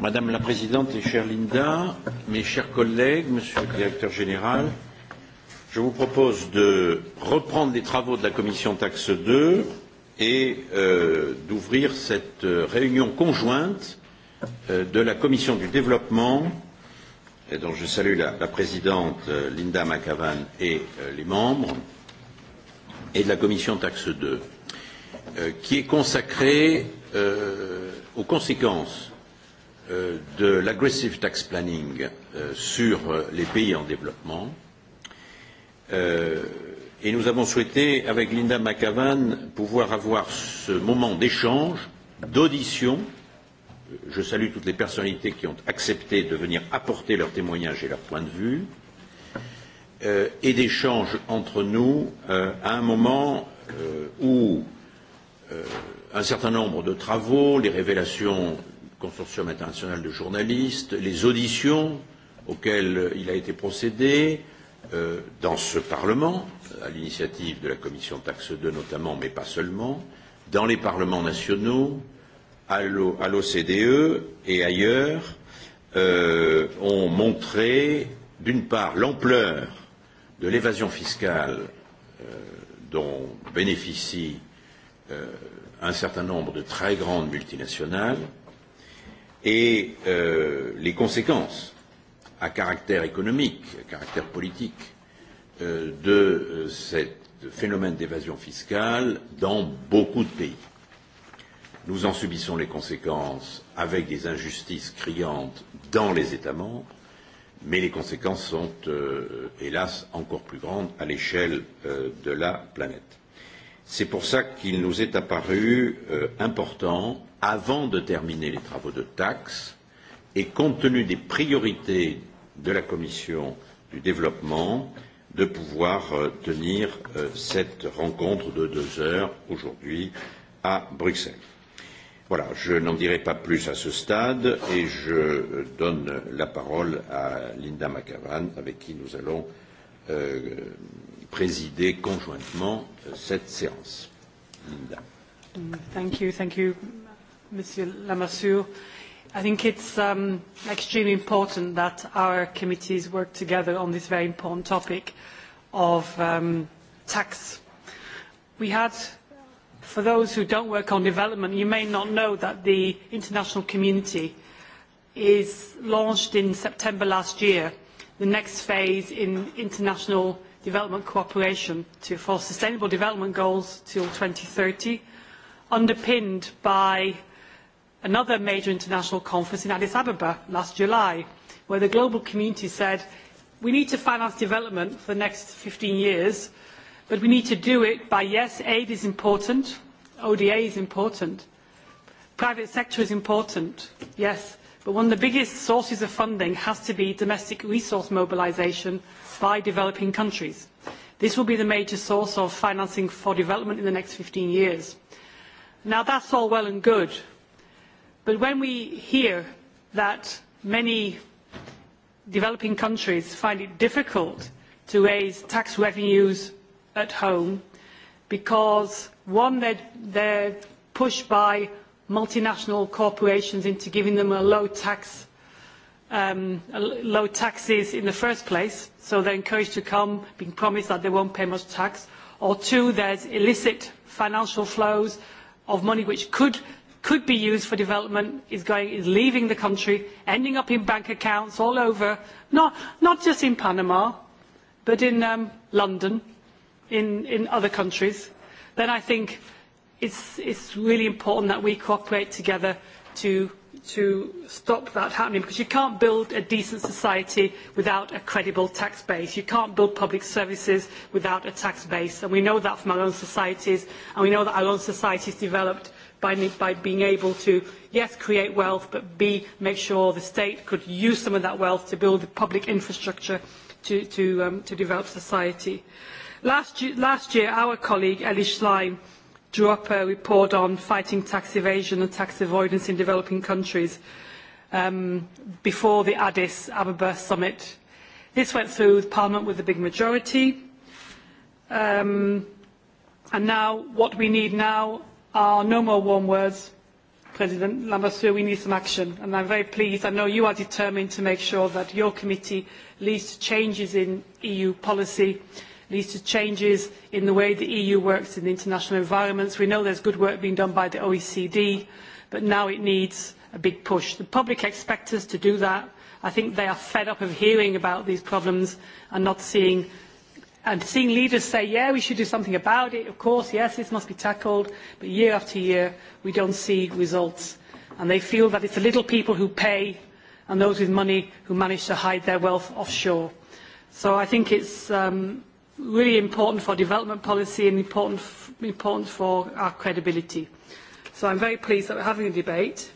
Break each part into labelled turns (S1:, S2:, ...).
S1: Madame la Présidente et chère Linda, mes chers collègues, Monsieur le Directeur Général, je vous propose de reprendre les travaux de la Commission Taxe 2 et euh, d'ouvrir cette euh, réunion conjointe euh, de la Commission du Développement, et dont je salue la, la Présidente euh, Linda McAvan et euh, les membres, et de la Commission Taxe 2, euh, qui est consacrée euh, aux conséquences Euh, de l'aggressive tax planning euh, sur euh, les pays en développement. Euh, et nous avons souhaité, avec Linda McAvan, pouvoir avoir ce moment d'échange, d'audition. Je salue toutes les personnalités qui ont accepté de venir apporter leur témoignage et leur point de vue, euh, et d'échange entre nous euh, à un moment euh, où euh, un certain nombre de travaux, les révélations consortium international de journalistes, les auditions auxquelles il a été procédé euh, dans ce Parlement, à l'initiative de la Commission Taxe 2 notamment, mais pas seulement, dans les parlements nationaux, à l'OCDE et ailleurs, euh, ont montré, d'une part, l'ampleur de l'évasion fiscale euh, dont bénéficient euh, un certain nombre de très grandes multinationales, et euh, les conséquences à caractère économique, à caractère politique euh, de euh, cet phénomène d'évasion fiscale dans beaucoup de pays. Nous en subissons les conséquences avec des injustices criantes dans les États membres, mais les conséquences sont, euh, hélas, encore plus grandes à l'échelle euh, de la planète. C'est pour ça qu'il nous est apparu euh, important euh, avant de terminer les travaux de taxe et compte tenu des priorités de la commission du développement de pouvoir euh, tenir euh, cette rencontre de deux heures aujourd'hui à Bruxelles. Voilà, je n'en dirai pas plus à ce stade et je euh, donne la parole à Linda McAvan avec qui nous allons euh, présider conjointement cette séance. Linda.
S2: Mm, thank you, thank you, Monsieur Lamassu. I think it's um, extremely important that our committees work together on this very important topic of um, tax. We had, for those who don't work on development, you may not know that the international community is launched in September last year, the next phase in international development cooperation to, for sustainable development goals till 2030, underpinned by another major international conference in Addis Ababa last July, where the global community said, we need to finance development for the next 15 years, but we need to do it by, yes, aid is important, ODA is important, private sector is important, yes, but one of the biggest sources of funding has to be domestic resource mobilization by developing countries. This will be the major source of financing for development in the next 15 years. Now, that's all well and good, but when we hear that many developing countries find it difficult to raise tax revenues at home because one they are pushed by multinational corporations into giving them a low tax um, low taxes in the first place so they're encouraged to come being promised that they won't pay much tax or two there's illicit financial flows of money which could could be used for development is going is leaving the country ending up in bank accounts all over not not just in panama but in um, london in in other countries then i think it's it's really important that we cooperate together to to stop that happening because you can't build a decent society without a credible tax base you can't build public services without a tax base and we know that from our own societies and we know that our own societies developed by, by being able to, yes, create wealth, but b, make sure the state could use some of that wealth to build the public infrastructure to, to, um, to develop society. Last, last year, our colleague, Ellie Schlein, drew up a report on fighting tax evasion and tax avoidance in developing countries um, before the Addis Ababa summit. This went through with Parliament with a big majority. Um, and now, what we need now Uh, no more warm words, President Lambertseur. We need some action. And I'm very pleased. I know you are determined to make sure that your committee leads to changes in EU policy, leads to changes in the way the EU works in the international environments. We know there's good work being done by the OECD, but now it needs a big push. The public expect us to do that. I think they are fed up of hearing about these problems and not seeing And seeing leaders say, yeah, we should do something about it, of course, yes, this must be tackled, but year after year, we don't see results. And they feel that it's the little people who pay and those with money who manage to hide their wealth offshore. So I think it's um, really important for development policy and important, f- important for our credibility. So I'm very pleased that we're having a debate.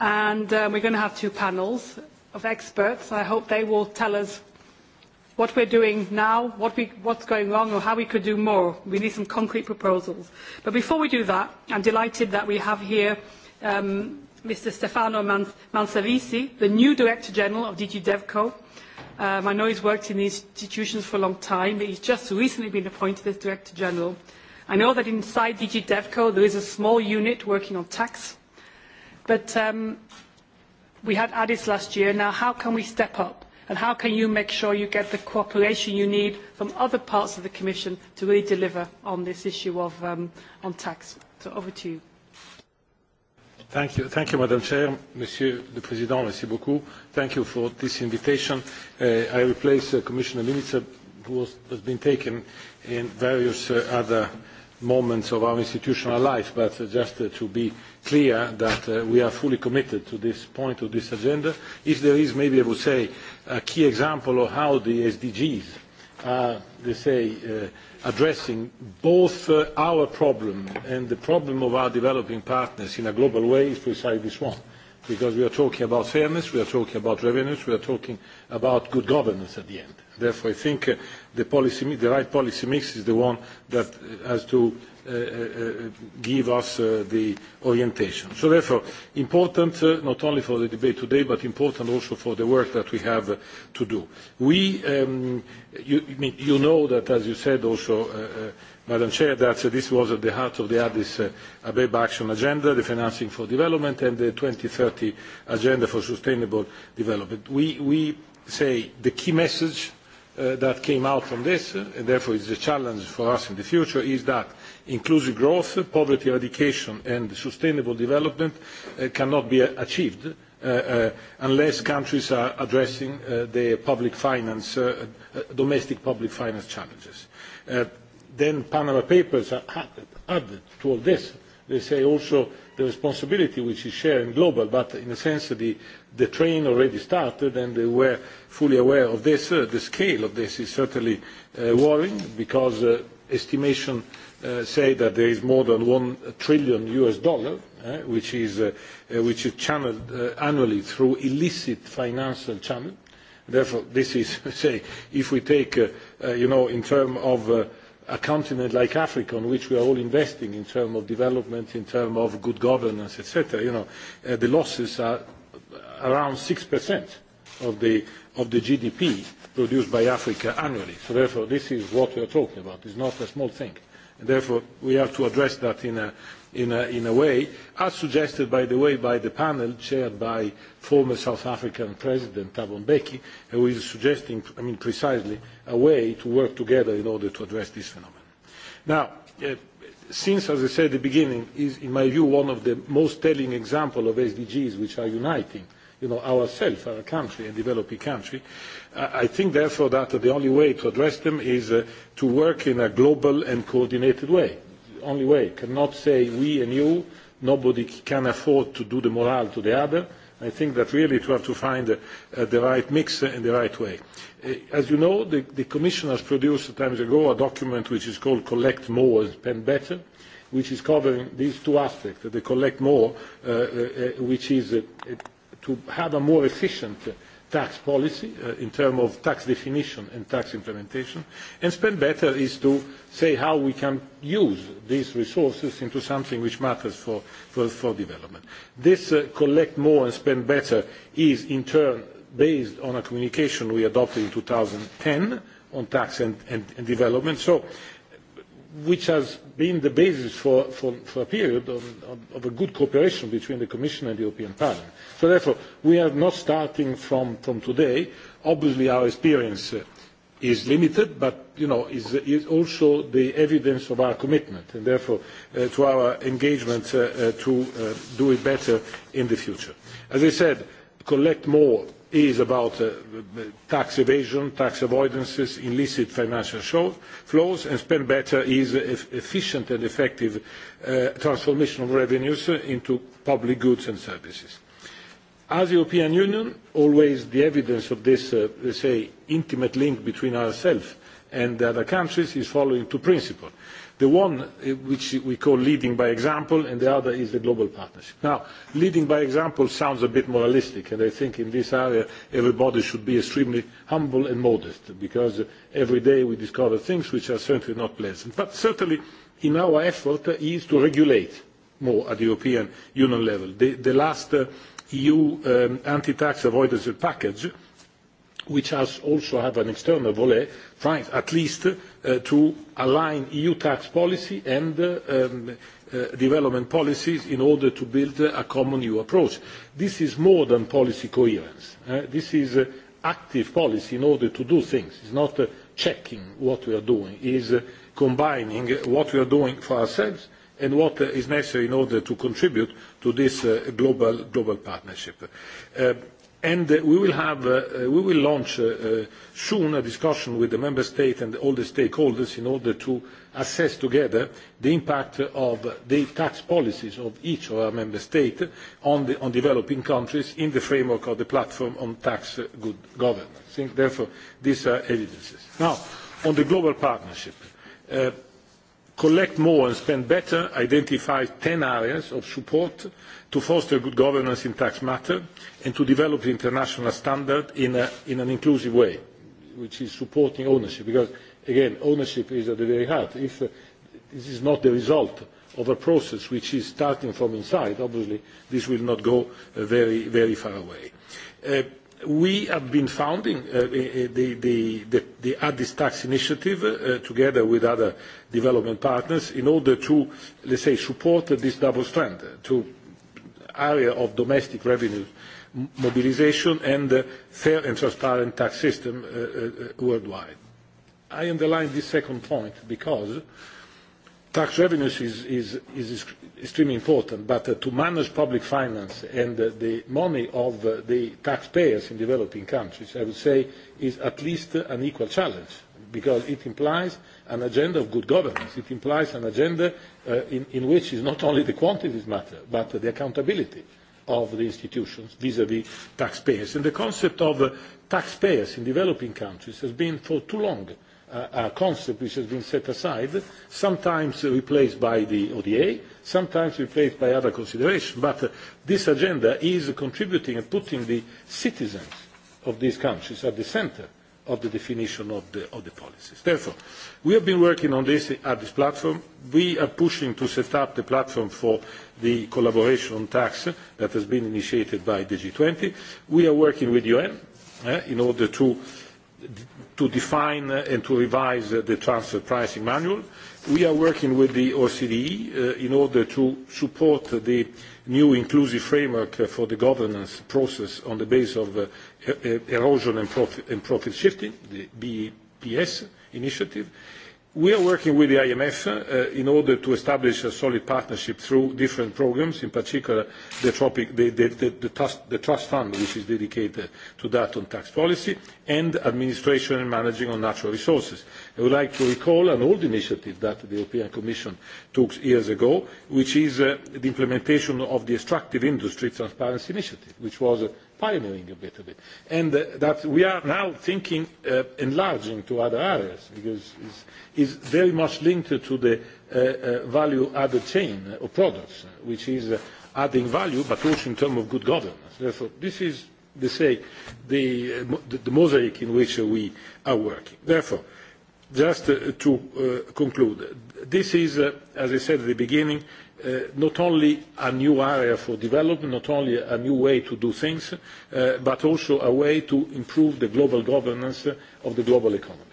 S2: And um, we're going to have two panels of experts. I hope they will tell us what we're doing now, what we, what's going wrong or how we could do more. We need some concrete proposals. But before we do that, I'm delighted that we have here um, Mr Stefano Man Manservisi, the new Director General of DG DevCo. Um, I know he's worked in the institutions for a long time, but he's just recently been appointed as Director General. I know that inside DG DevCo there is a small unit working on tax, but um, we had Addis last year. Now how can we step up? and how can you make sure you get the cooperation you need from other parts of the Commission to really deliver on this issue of um, on tax? So over to you.
S3: Thank you. Thank you, Madam Chair. Monsieur le Président, merci beaucoup. Thank you for this invitation. Uh, I replace uh, Commissioner Minister, who was, has been taken in various uh, other moments of our institutional life, but uh, just uh, to be clear that uh, we are fully committed to this point of this agenda. If there is, maybe I would say, uh, a key example of how the SDGs are, they say, uh, addressing both uh, our problem and the problem of our developing partners in a global way is precisely this one. Uh, because we are talking about fairness, we are talking about revenues, we are talking about good governance at the end. Therefore, I think uh, the, policy, the right policy mix is the one that uh, has to uh, uh, uh, give us uh, the orientation. So therefore, important uh, not only for the debate today, but important also for the work that we have uh, to do. We, um, you, you know that, as you said also, uh, uh, madam chair that uh, this was at the heart of the addis uh, ababa action agenda the financing for development and the two thousand and thirty agenda for sustainable development. we say the key message uh, that came out from this and therefore is a challenge for us in the future is that inclusive growth poverty eradication and sustainable development cannot be achieved unless countries are addressing their public finance domestic public finance challenges then Panama Papers are added, added to all this. They say also the responsibility which is shared and global, but in a sense the, the train already started and they were fully aware of this. Uh, the scale of this is certainly uh, worrying because uh, estimation uh, say that there is more than one trillion US dollar uh, which, is, uh, uh, which is channeled uh, annually through illicit financial channel. Therefore, this is, say, if we take, uh, uh, you know, in terms of uh, a continent like Africa, on which we are all investing in terms of development, in terms of good governance, etc., you know, uh, the losses are around 6% of the, of the GDP produced by Africa annually. So therefore, this is what we are talking about. It's not a small thing. And therefore, we have to address that in a, in a way as suggested by the way by the panel chaired by former south african president thabo mbeki uh, who is suggesting precisely a way to work together in order to address this phenomenon. now uh, since as i said at the beginning is in my view one of the most telling examples of sdgs which are uniting you know, ourselves, our country, a developing country. I think, therefore, that the only way to address them is uh, to work in a global and coordinated way only way. Cannot say we and you, nobody can afford to do the morale to the other. I think that really to have to find uh, the right mix in the right way. Uh, as you know, the, the Commission has produced times ago a document which is called Collect More and Spend Better, which is covering these two aspects, the Collect More, uh, uh, uh, which is uh, uh, to have a more efficient uh, tax policy uh, in terms of tax definition and tax implementation, and spend better is to say how we can use these resources into something which matters for, for, for development. This uh, collect more and spend better is in turn based on a communication we adopted in 2010 on tax and, and, and development. So which has been the basis for, for, for a period of, of, of a good cooperation between the Commission and the European Parliament. So therefore, we are not starting from, from today. Obviously, our experience uh, is limited, but you know, is, is also the evidence of our commitment, and therefore uh, to our engagement uh, uh, to uh, do it better in the future. As I said, collect more is about uh, tax evasion, tax avoidances, illicit financial show, flows, and spend better is e- efficient and effective uh, transformation of revenues into public goods and services. As the European Union, always the evidence of this, uh, say, intimate link between ourselves and the other countries is following two principles the one eh, which we call leading by example and the other is the global partnership. Now, leading by example sounds a bit moralistic and I think in this area everybody should be extremely humble and modest because every day we discover things which are certainly not pleasant. But certainly in our effort is to regulate more at the European Union level. The, the last uh, EU um, anti-tax avoidance package which has also have an external volet, trying at least uh, to align EU tax policy and uh, um, uh, development policies in order to build uh, a common EU approach. This is more than policy coherence. Uh, this is uh, active policy in order to do things. It's not uh, checking what we are doing. It's uh, combining what we are doing for ourselves and what uh, is necessary in order to contribute to this uh, global, global partnership. Uh, and uh, we will, have, uh, uh, we will launch uh, uh, soon a discussion with the member state and all the stakeholders in order to assess together the impact of the tax policies of each of our member states on, on developing countries in the framework of the platform on tax uh, good governance. I think, therefore, these are evidences. Now, on the global partnership, uh, collect more and spend better, identify 10 areas of support uh, to foster good governance in tax matters and to develop the international standard in, a, in an inclusive way, which is supporting ownership. Because, again, ownership is at the very heart. If uh, this is not the result of a process which is starting from inside, obviously this will not go uh, very, very far away. Uh, we have been founding uh, the, the, the, the Addis Tax Initiative uh, together with other development partners in order to, let's say, support uh, this double strand, uh, to area of domestic revenue mobilization and a fair and transparent tax system uh, uh, worldwide. I underline this second point because tax revenues is, is, is extremely important, but uh, to manage public finance and uh, the money of uh, the taxpayers in developing countries, I would say, is at least uh, an equal challenge because it implies an agenda of good governance. It implies an agenda uh, in, in which is not only the quantities matter, but the accountability of the institutions vis-à-vis taxpayers. And the concept of uh, taxpayers in developing countries has been for too long uh, a concept which has been set aside, sometimes replaced by the ODA, sometimes replaced by other considerations. But uh, this agenda is contributing and putting the citizens of these countries at the center of the definition of the, of the policies. Therefore, we have been working on this at this platform. We are pushing to set up the platform for the collaboration on tax that has been initiated by the G20. We are working with UN eh, in order to, to define and to revise the transfer pricing manual. We are working with the OCDE uh, eh, in order to support the new inclusive framework for the governance process on the basis of uh, E-, erosion and profit shifting, the BEPS initiative. We are working with the IMF uh, in order to establish a solid partnership through different programs, in particular the Trust Fund, which is dedicated to that on tax policy and administration and managing on natural resources. I would like to recall an old initiative that the European Commission took years ago, which is uh, the implementation of the Extractive Industry Transparency Initiative, which was uh, pioneering a bit of it. And uh, that we are now thinking, uh, enlarging to other areas, because it's, it's very much linked to the uh, uh, value added chain of products, which is uh, adding value, but also in terms of good governance. Therefore, this is, they say, the, uh, mo- the, the mosaic in which uh, we are working. Therefore, just uh, to uh, conclude, this is, uh, as I said at the beginning, uh, not only a new area for development, not only a new way to do things, uh, but also a way to improve the global governance of the global economy.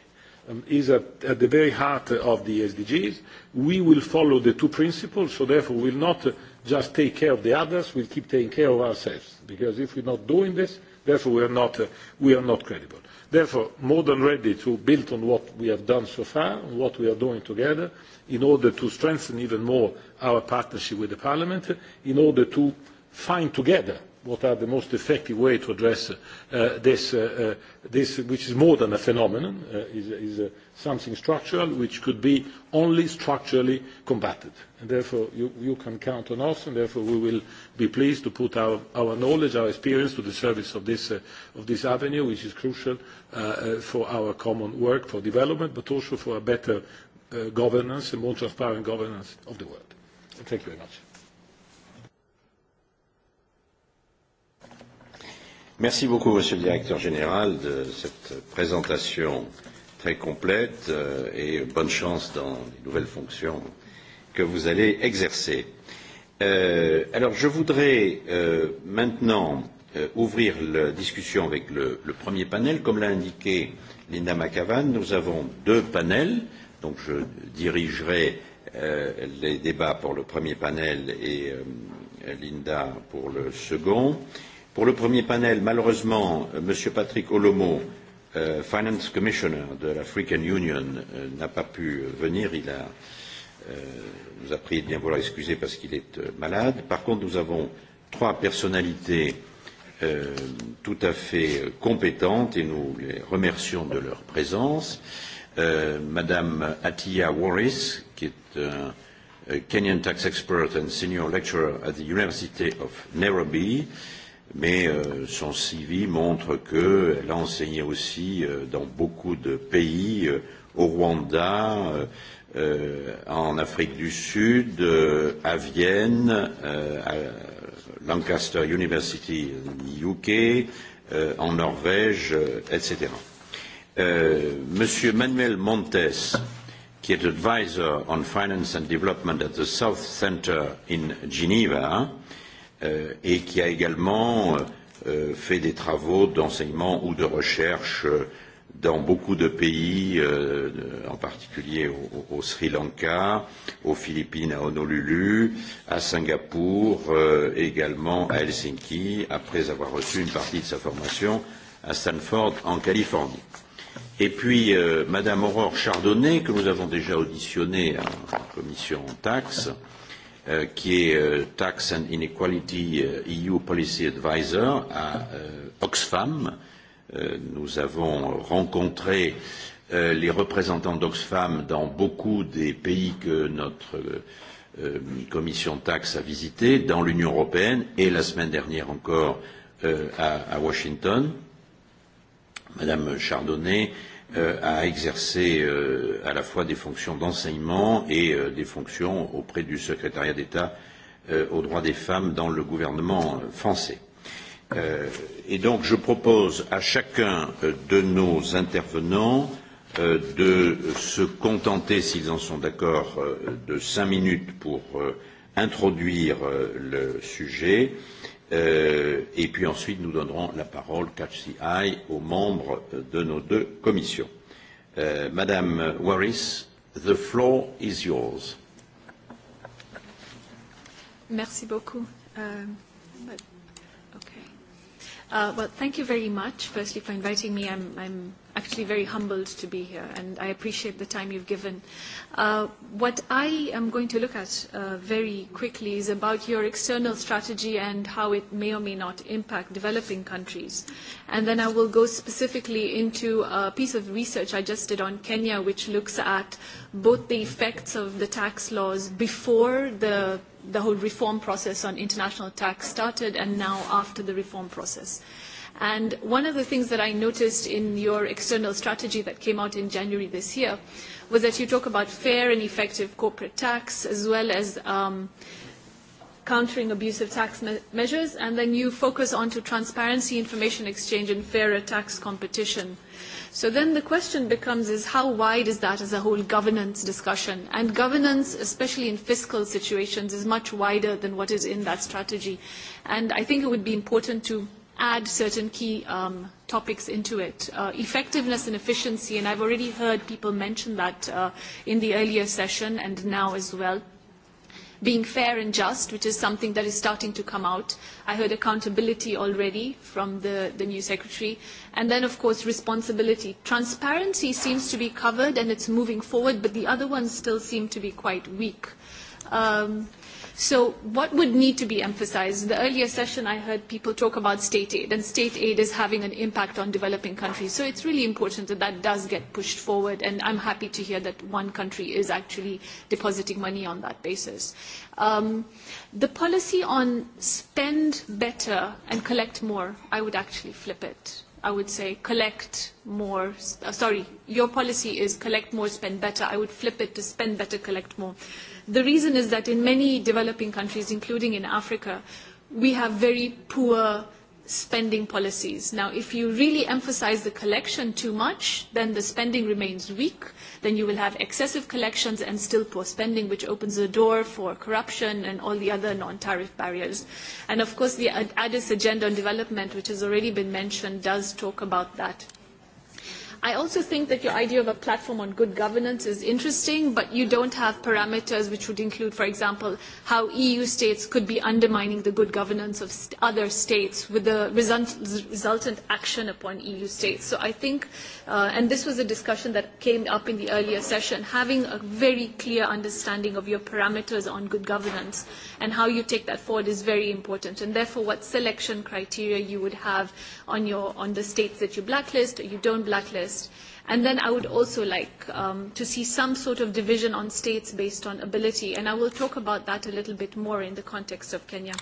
S3: Um, is at, at the very heart of the SDGs. We will follow the two principles, so therefore we will not just take care of the others, we will keep taking care of ourselves, because if we are not doing this, therefore we are not, uh, we are not credible. Therefore, more than ready to build on what we have done so far and what we are doing together in order to strengthen even more our partnership with the Parliament, in order to find together what are the most effective way to address uh, uh, uh, this, which is more than a phenomenon, is something structural, which could be only structurally combated. Therefore, you can count on us, and therefore, we will be pleased to put our, our knowledge, our experience to the service of this, uh, of this avenue, which is crucial uh, uh for our common work for development, but also for a better uh, governance and more transparent governance of the world. Thank you very much.
S1: Merci beaucoup, Monsieur le Directeur Général, de cette présentation très complète euh, et bonne chance dans les nouvelles fonctions que vous allez exercer. Euh, alors, je voudrais euh, maintenant euh, ouvrir la discussion avec le, le premier panel. Comme l'a indiqué Linda McAvan, nous avons deux panels. Donc, je dirigerai euh, les débats pour le premier panel et euh, Linda pour le second. Pour le premier panel, malheureusement, euh, M. Patrick Olomo, euh, Finance Commissioner de l'African Union, euh, n'a pas pu venir. Il a euh, euh, nous a pris de bien vouloir excuser parce qu'il est euh, malade. Par contre, nous avons trois personnalités euh, tout à fait euh, compétentes et nous les remercions de leur présence. Euh, Madame Atiya Warris, qui est un euh, Kenyan tax expert and senior lecturer at the University of Nairobi, mais euh, son CV montre qu'elle a enseigné aussi euh, dans beaucoup de pays, euh, au Rwanda, euh, euh, en Afrique du Sud, euh, à Vienne, euh, à Lancaster University UK, euh, euh, en Norvège, euh, etc. Euh, Monsieur Manuel Montes, qui est advisor on finance and development at the South Center in Geneva, euh, et qui a également euh, fait des travaux d'enseignement ou de recherche euh, dans beaucoup de pays, euh, euh en particulier au, au Sri Lanka, aux Philippines, à Honolulu, à Singapour, euh, également à Helsinki, après avoir reçu une partie de sa formation à Stanford, en Californie. Et puis, euh, Madame Aurore Chardonnay, que nous avons déjà auditionnée en commission taxe, euh, qui est euh, Tax and Inequality euh, EU Policy Advisor à euh, Oxfam, euh, Euh, nous avons rencontré euh, les représentants d'Oxfam dans beaucoup des pays que notre euh, commission taxe a visité, dans l'Union européenne et la semaine dernière encore à Washington. Madame Chardonnay a exercé à la fois des fonctions d'enseignement et des fonctions auprès du secrétariat d'État aux droits des femmes dans le gouvernement français. Euh, et donc, je propose à chacun euh, de nos intervenants euh, de se contenter, s'ils en sont d'accord, euh, de cinq minutes pour euh, introduire euh, le sujet. Euh, et puis ensuite, nous donnerons la parole, catch the eye, aux membres euh, de nos deux commissions. Euh, Madame Waris, the floor is yours.
S4: Merci beaucoup. Euh... Uh, well, thank you very much, firstly, for inviting me. I'm, I'm actually very humbled to be here, and I appreciate the time you've given. Uh, what I am going to look at uh, very quickly is about your external strategy and how it may or may not impact developing countries. And then I will go specifically into a piece of research I just did on Kenya, which looks at both the effects of the tax laws before the the whole reform process on international tax started and now after the reform process. And one of the things that I noticed in your external strategy that came out in January this year was that you talk about fair and effective corporate tax as well as um, countering abusive tax me measures, and then you focus on to transparency, information exchange, and fairer tax competition. So then the question becomes is how wide is that as a whole governance discussion? And governance, especially in fiscal situations, is much wider than what is in that strategy. And I think it would be important to add certain key um, topics into it. Uh, effectiveness and efficiency, and I've already heard people mention that uh, in the earlier session and now as well being fair and just, which is something that is starting to come out. I heard accountability already from the, the new secretary. And then, of course, responsibility. Transparency seems to be covered and it's moving forward, but the other ones still seem to be quite weak. Um, So what would need to be emphasized? In the earlier session, I heard people talk about state aid, and state aid is having an impact on developing countries. So it's really important that that does get pushed forward, and I'm happy to hear that one country is actually depositing money on that basis. Um, the policy on spend better and collect more, I would actually flip it. I would say collect more, uh, sorry, your policy is collect more, spend better. I would flip it to spend better, collect more. The reason is that in many developing countries, including in Africa, we have very poor spending policies. Now, if you really emphasize the collection too much, then the spending remains weak. Then you will have excessive collections and still poor spending, which opens the door for corruption and all the other non-tariff barriers. And of course, the Addis Agenda on Development, which has already been mentioned, does talk about that I also think that your idea of a platform on good governance is interesting, but you don't have parameters which would include, for example, how EU states could be undermining the good governance of st other states with the resultant action upon EU states. So I think uh, and this was a discussion that came up in the earlier session, having a very clear understanding of your parameters on good governance and how you take that forward is very important. And therefore, what selection criteria you would have on, your, on the states that you blacklist or you don't blacklist. And then I would also like um, to see some sort of division on states based on ability. And I will talk about that a little bit more in the context of Kenya.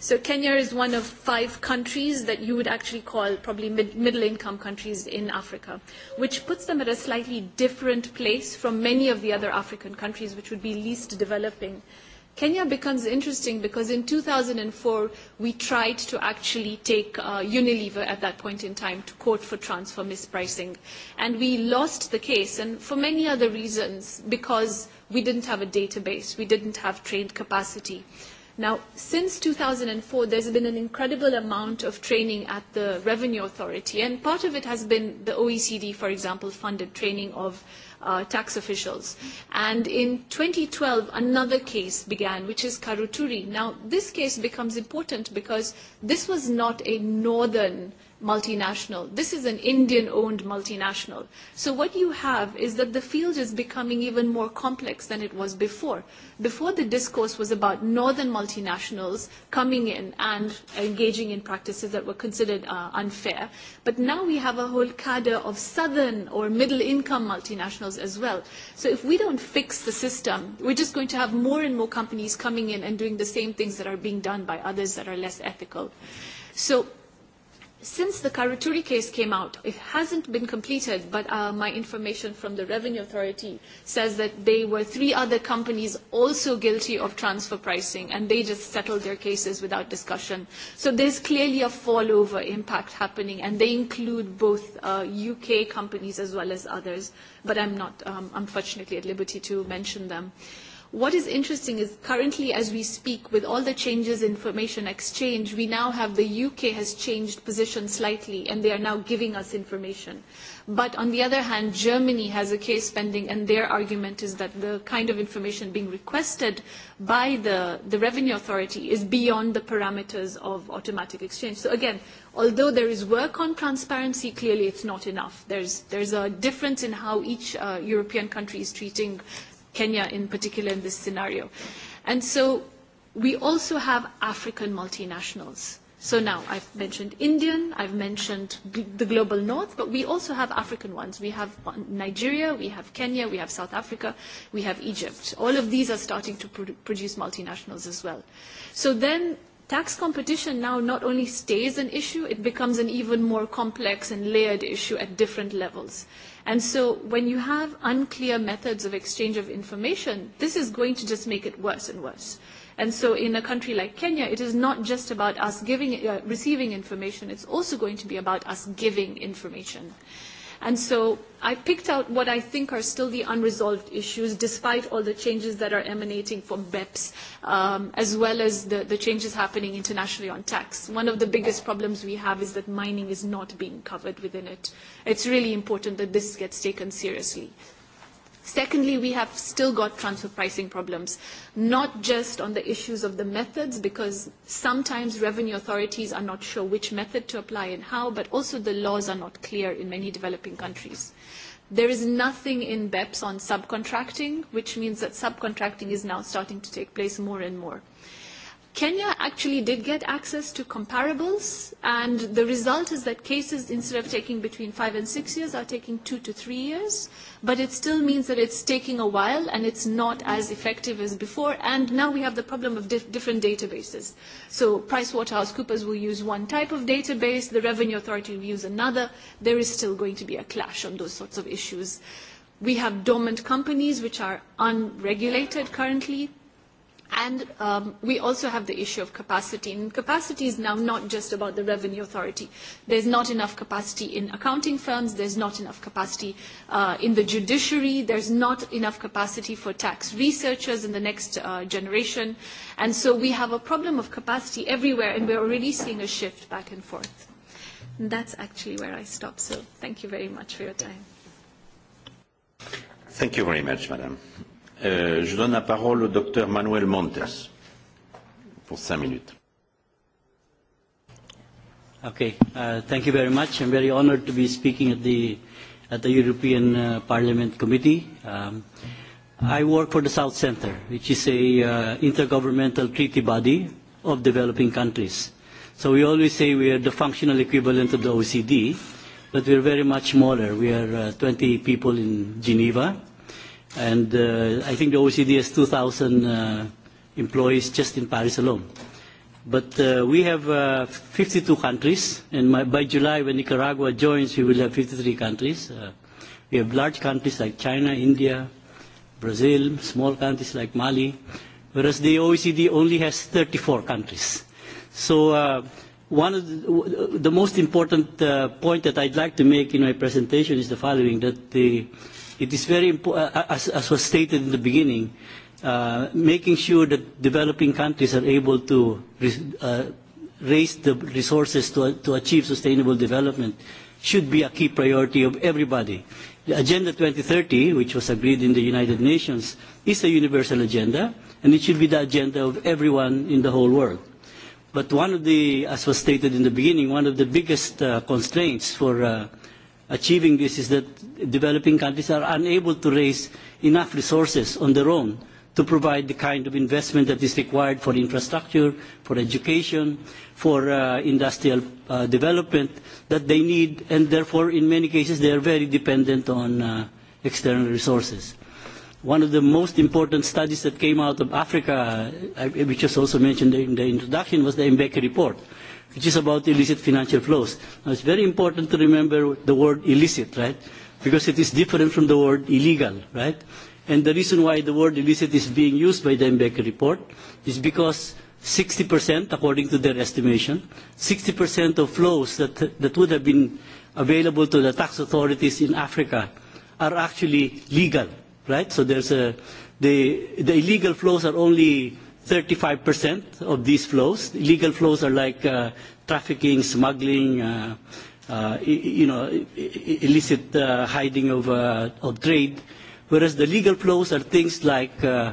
S4: So Kenya is one of five countries that you would actually call probably mid- middle-income countries in Africa, which puts them at a slightly different place from many of the other African countries, which would be least developing. Kenya becomes interesting because in 2004, we tried to actually take uh, Unilever at that point in time to court for transfer mispricing. And we lost the case, and for many other reasons, because we didn't have a database, we didn't have trained capacity. Now, since 2004, there's been an incredible amount of training at the Revenue Authority, and part of it has been the OECD, for example, funded training of uh, tax officials. And in 2012, another case began, which is Karuturi. Now, this case becomes important because this was not a northern multinational. This is an Indian-owned multinational. So what you have is that the field is becoming even more complex than it was before. Before, the discourse was about northern multinationals coming in and engaging in practices that were considered uh, unfair. But now we have a whole cadre of southern or middle-income multinationals as well. So if we don't fix the system, we're just going to have more and more companies coming in and doing the same things that are being done by others that are less ethical. So since the Karuturi case came out, it hasn't been completed, but uh, my information from the Revenue Authority says that there were three other companies also guilty of transfer pricing, and they just settled their cases without discussion. So there's clearly a fallover impact happening, and they include both uh, UK companies as well as others, but I'm not, um, unfortunately, at liberty to mention them. Uh, What is interesting is currently, as we speak, with all the changes in information exchange, we now have the UK has changed position slightly, and they are now giving us information. But on the other hand, Germany has a case pending, and their argument is that the kind of information being requested by the, the revenue authority is beyond the parameters of automatic exchange. So again, although there is work on transparency, clearly it's not enough. There's, there's a difference in how each uh, European country is treating Kenya in particular in this scenario. And so we also have African multinationals. So now I've mentioned Indian, I've mentioned g- the global north, but we also have African ones. We have Nigeria, we have Kenya, we have South Africa, we have Egypt. All of these are starting to pro- produce multinationals as well. So then tax competition now not only stays an issue, it becomes an even more complex and layered issue at different levels. And so when you have unclear methods of exchange of information, this is going to just make it worse and worse. And so in a country like Kenya, it is not just about us giving, uh, receiving information, it's also going to be about us giving information. And so I picked out what I think are still the unresolved issues, despite all the changes that are emanating from BEPS, um, as well as the, the changes happening internationally on tax. One of the biggest problems we have is that mining is not being covered within it. It's really important that this gets taken seriously. Secondly, we have still got transfer pricing problems, not just on the issues of the methods, because sometimes revenue authorities are not sure which method to apply and how, but also the laws are not clear in many developing countries. There is nothing in BEPS on subcontracting, which means that subcontracting is now starting to take place more and more. Kenya actually did get access to comparables, and the result is that cases, instead of taking between five and six years, are taking two to three years. But it still means that it's taking a while, and it's not as effective as before. And now we have the problem of di- different databases. So PricewaterhouseCoopers will use one type of database, the Revenue Authority will use another. There is still going to be a clash on those sorts of issues. We have dormant companies which are unregulated currently. And um, we also have the issue of capacity, and capacity is now not just about the revenue authority. There's not enough capacity in accounting firms. There's not enough capacity uh, in the judiciary. There's not enough capacity for tax researchers in the next uh, generation. And so we have a problem of capacity everywhere, and we're already seeing a shift back and forth. And that's actually where I stop. So thank you very much for your time.
S1: Thank you very much, madam. Euh, je donne la parole au docteur Manuel Montes pour cinq minutes.
S5: Okay, uh, thank you very much. I'm very honored to be speaking at the at the European uh, Parliament Committee. Um, I work for the South Centre, which is a uh, intergovernmental treaty body of developing countries. So we always say we are the functional equivalent of the OECD, but we are very much smaller. We are uh, 20 people in Geneva, and uh, I think the OECD has 2,000 uh, employees just in Paris alone. But uh, we have uh, 52 countries, and my, by July, when Nicaragua joins, we will have 53 countries. Uh, we have large countries like China, India, Brazil, small countries like Mali, whereas the OECD only has 34 countries. So uh, one of the, w the most important uh, point that I'd like to make in my presentation is the following, that the, uh, it is very important, uh, uh, as, as was stated in the beginning, uh, making sure that developing countries are able to re uh, raise the resources to, to achieve sustainable development should be a key priority of everybody. The Agenda 2030, which was agreed in the United Nations, is a universal agenda, and it should be the agenda of everyone in the whole world. But one of the, as was stated in the beginning, one of the biggest uh, constraints for uh, achieving this is that developing countries are unable to raise enough resources on their own to provide the kind of investment that is required for infrastructure, for education, for uh, industrial uh, development that they need, and therefore, in many cases, they are very dependent on uh, external resources. One of the most important studies that came out of Africa, uh, which was also mentioned in the introduction, was the Mbeki report, uh, which is about illicit financial flows. Now, it's very important to remember the word illicit, right? Because it is different from the word illegal, right? And the reason why the word illicit is being used by the MBEC report is because 60%, according to their estimation, 60% of flows that, that would have been available to the tax authorities in Africa are actually legal, right? So there's a, the, the illegal flows are only 35% of these flows. Illegal flows are like uh, trafficking, smuggling, uh, uh, you know, illicit uh, hiding of, uh, of trade, whereas the legal flows are things like uh,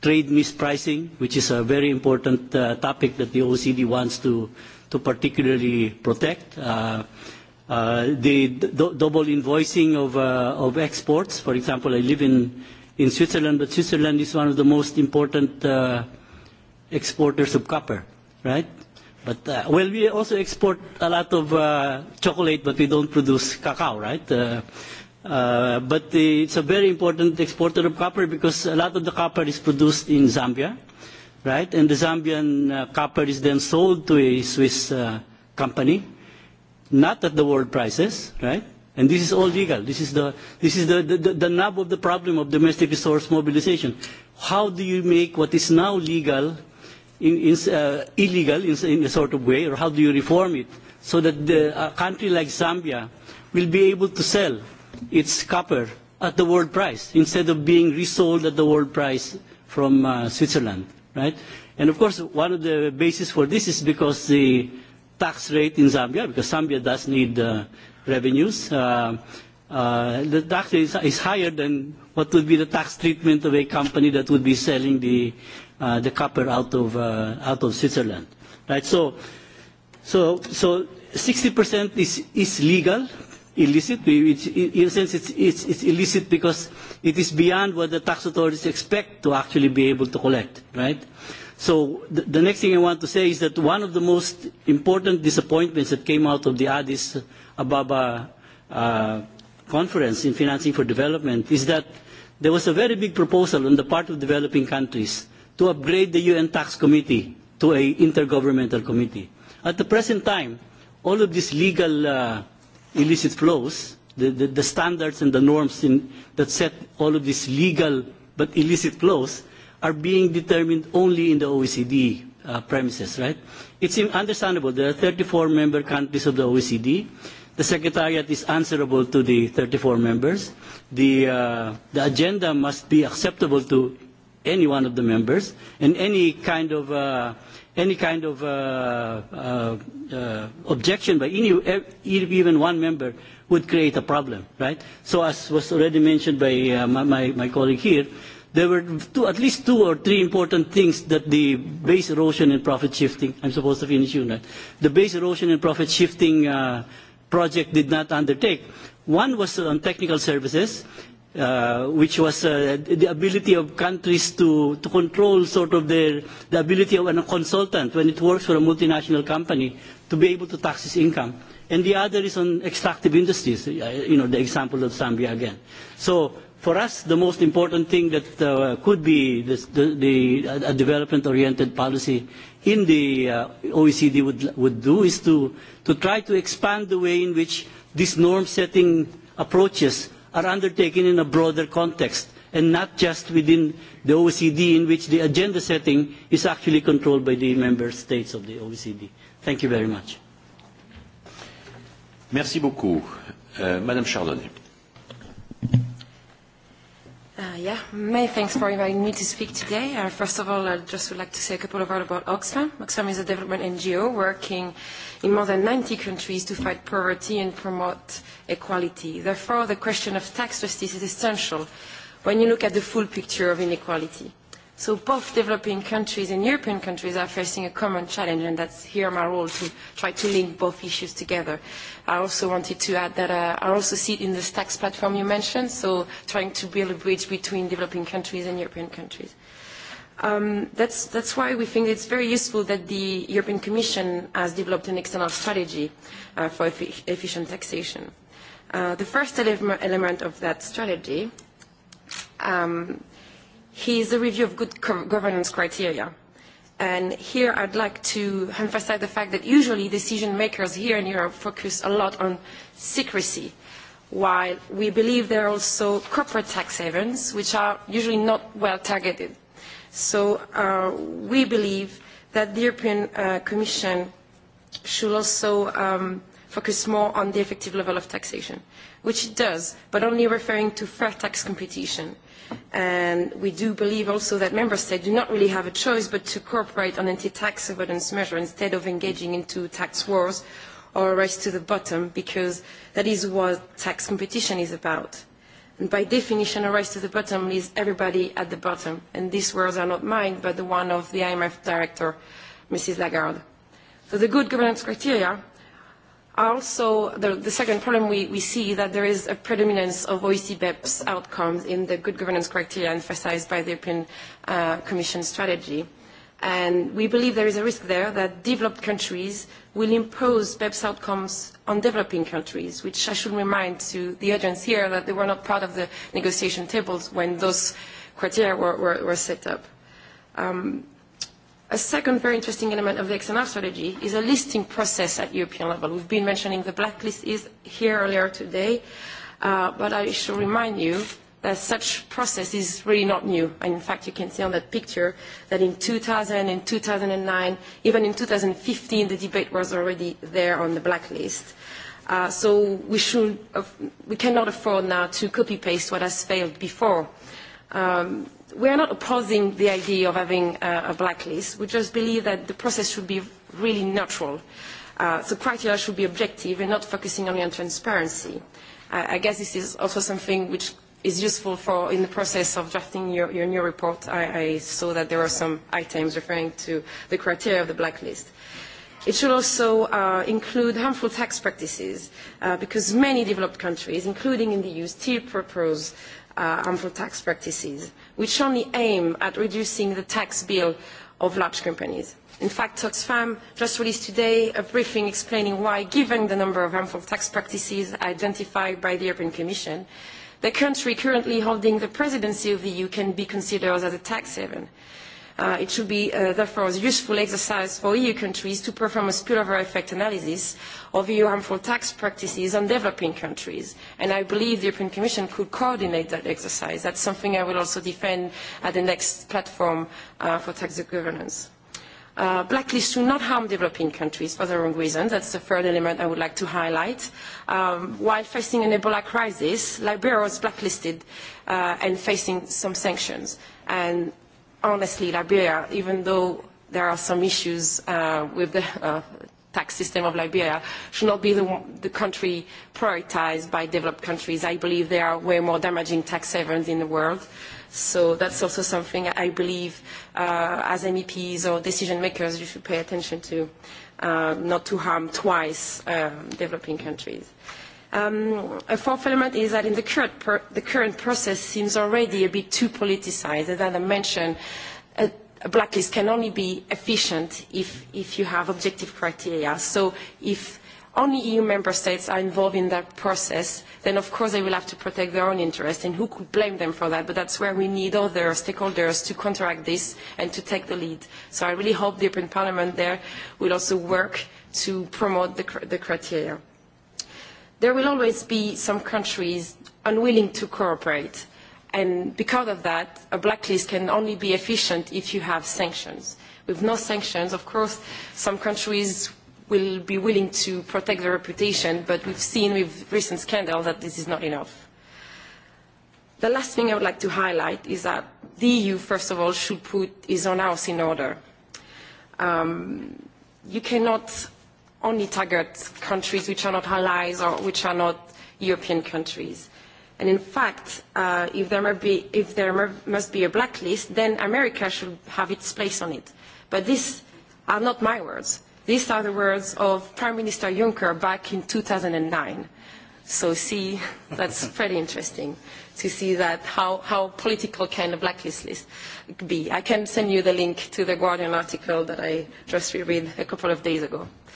S5: trade mispricing, which is a very important uh, topic that the OECD wants to, to particularly protect. Uh, uh, the d double invoicing of, uh, of exports, for example, I live in, in Switzerland, but Switzerland is one of the most important uh, exporters of copper, right? But uh, well, we also export a lot of uh, chocolate, but we don't produce cacao, right? Uh, uh, but the, it's a very important exporter of copper because a lot of the copper is produced in Zambia, right? And the Zambian uh, copper is then sold to a Swiss uh, company, not at the world prices, right? And this is all legal. This is the this is the the, the the nub of the problem of domestic resource mobilization. How do you make what is now legal in, in, uh, illegal in, in a sort of way, or how do you reform it so that the, a country like Zambia will be able to sell its copper at the world price instead of being resold at the world price from uh, Switzerland, right? And of course, one of the bases for this is because the tax rate in Zambia, because Zambia does need uh, revenues, uh, uh, the tax rate is, is higher than what would be the tax treatment of a company that would be selling the, uh, Uh, the copper out of uh, out of Switzerland, right? So, so so 60% is is legal, illicit. It's, in a sense, it's, it's it's illicit because it is beyond what the tax authorities expect to actually be able to collect, right? So the, the next thing I want to say is that one of the most important disappointments that came out of the Addis Ababa uh, conference in financing for development is that there was a very big proposal on the part of developing countries to upgrade the UN tax committee to an intergovernmental committee. At the present time, all of these legal uh, illicit flows, the, the, the standards and the norms in, that set all of these legal but illicit flows, are being determined only in the OECD uh, premises, right? It's understandable. There are 34 member countries of the OECD. The Secretariat is answerable to the 34 members. The, uh, the agenda must be acceptable to any one of the members and any kind of uh, any kind of uh, uh, uh, objection by any e, e, even one member would create a problem, right? So as was already mentioned by uh, my, my, my colleague here, there were two, at least two or three important things that the base erosion and profit shifting, I'm supposed to finish you that, the base erosion and profit shifting uh, project did not undertake. One was on technical services, uh, which was uh, the ability of countries to, to control sort of their, the ability of a consultant when it works for a multinational company to be able to tax his income. And the other is on extractive industries, uh, you know, the example of Zambia again. So for us, the most important thing that uh, could be this, the, the, uh, a development-oriented policy in the uh, OECD would, would do is to, to try to expand the way in which these norm-setting approaches are undertaken in a broader context and not just within the OECD in which the agenda setting is actually controlled by the member states of the OECD. Thank you very much.
S1: Merci beaucoup. Uh, Madame Chardonnay.
S6: Uh, yeah, many thanks for inviting me to speak today. Uh, first of all, I just would like to say a couple of words about Oxfam. Oxfam is a development NGO working in more than 90 countries to fight poverty and promote equality. Therefore, the question of tax justice is essential when you look at the full picture of inequality. So both developing countries and European countries are facing a common challenge, and that's here my role to try to link both issues together. I also wanted to add that uh, I also see it in the stacks platform you mentioned, so trying to build a bridge between developing countries and European countries. Um, that's, that's why we think it's very useful that the European Commission has developed an external strategy uh, for efi efficient taxation. Uh, the first ele element of that strategy um, he is a review of good co- governance criteria. And here I'd like to emphasize the fact that usually decision makers here in Europe focus a lot on secrecy, while we believe there are also corporate tax havens, which are usually not well targeted. So uh, we believe that the European uh, Commission should also um, focus more on the effective level of taxation which it does, but only referring to fair tax competition. And we do believe also that member states do not really have a choice but to cooperate on anti-tax avoidance measures instead of engaging into tax wars or a race to the bottom, because that is what tax competition is about. And by definition, a race to the bottom is everybody at the bottom. And these words are not mine, but the one of the IMF director, Mrs. Lagarde. So the good governance criteria Also, the, the second problem we, we see that there is a predominance of OECBEP's outcomes in the good governance criteria emphasized by the European uh, Commission strategy. And we believe there is a risk there that developed countries will impose BEPS outcomes on developing countries, which I should remind to the audience here that they were not part of the negotiation tables when those criteria were, were, were set up. Um, A second very interesting element of the XNR strategy is a listing process at European level. We've been mentioning the blacklist is here earlier today, uh, but I should remind you that such process is really not new. And in fact, you can see on that picture that in 2000 and 2009, even in 2015, the debate was already there on the blacklist. Uh, so we, should, uh, we cannot afford now to copy-paste what has failed before. Um, we are not opposing the idea of having uh, a blacklist. We just believe that the process should be really neutral. Uh, so criteria should be objective and not focusing only on transparency. Uh, I guess this is also something which is useful for in the process of drafting your, your new report. I, I saw that there are some items referring to the criteria of the blacklist. It should also uh, include harmful tax practices uh, because many developed countries, including in the EU, still propose uh, harmful tax practices. Uh, which only aim at reducing the tax bill of large companies. In fact, Oxfam just released today a briefing explaining why, given the number of harmful tax practices identified by the European Commission, the country currently holding the presidency of the EU can be considered as a tax haven. Uh, it should be, uh, therefore, a useful exercise for EU countries to perform a spillover effect analysis of EU harmful tax practices on developing countries. And I believe the European Commission could coordinate that exercise. That's something I will also defend at the next platform uh, for tax governance. Uh, blacklist should not harm developing countries for the wrong reasons. That's the third element I would like to highlight. Um, while facing an Ebola crisis, Liberia was blacklisted uh, and facing some sanctions. And honestly, Liberia, even though there are some issues uh, with the uh, tax system of Liberia, should not be the, the country prioritized by developed countries. I believe there are way more damaging tax havens in the world. So that's also something I believe uh, as MEPs or decision makers you should pay attention to, uh, not to harm twice uh, developing countries. Uh, Um, a fourth element is that in the current, per, the current process seems already a bit too politicized. As I mentioned, a, a blacklist can only be efficient if, if you have objective criteria. So if only EU member states are involved in that process, then of course they will have to protect their own interests, and who could blame them for that? But that's where we need other stakeholders to counteract this and to take the lead. So I really hope the European Parliament there will also work to promote the, the criteria there will always be some countries unwilling to cooperate. And because of that, a blacklist can only be efficient if you have sanctions. With no sanctions, of course, some countries will be willing to protect their reputation, but we've seen with recent scandals that this is not enough. The last thing I would like to highlight is that the EU, first of all, should put its own house in order. Um, you cannot only target countries which are not allies or which are not European countries. And in fact, uh, if there, may be, if there may, must be a blacklist, then America should have its place on it. But these are not my words. These are the words of Prime Minister Juncker back in 2009. So see, that's pretty interesting to see that how, how political can a blacklist list be. I can send you the link to the Guardian article that I just reread a couple of days ago. Uh,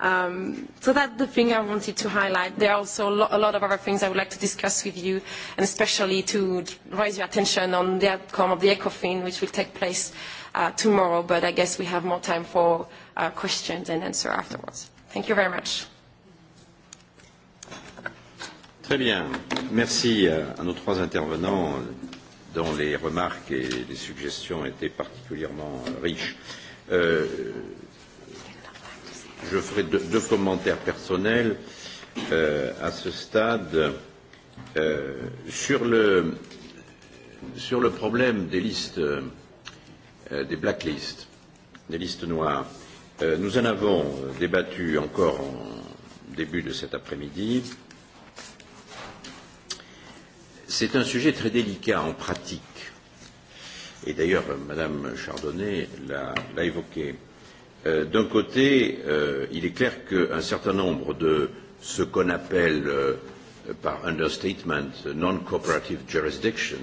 S6: Um, so that's the thing I wanted to highlight. There are also a lot, a lot of other things I would like to discuss with you, and especially to raise your attention on the outcome of the ECOFIN, which will take place uh, tomorrow, but I guess we have more time for uh, questions and answer afterwards. Thank you very much.
S1: Très bien. Merci euh, à nos trois intervenants dont les remarques et les suggestions étaient particulièrement euh, riches. Euh, je ferai deux, deux commentaires personnels euh, à ce stade. Euh, sur, le, sur le problème des listes, euh, des blacklists, des listes noires, euh, nous en avons débattu encore en début de cet après-midi. C'est un sujet très délicat en pratique. Et d'ailleurs, Madame Chardonnay l'a évoqué. Euh, Euh, d'un côté, euh, il est clair qu'un certain nombre de ce qu'on appelle euh, par understatement non-cooperative jurisdictions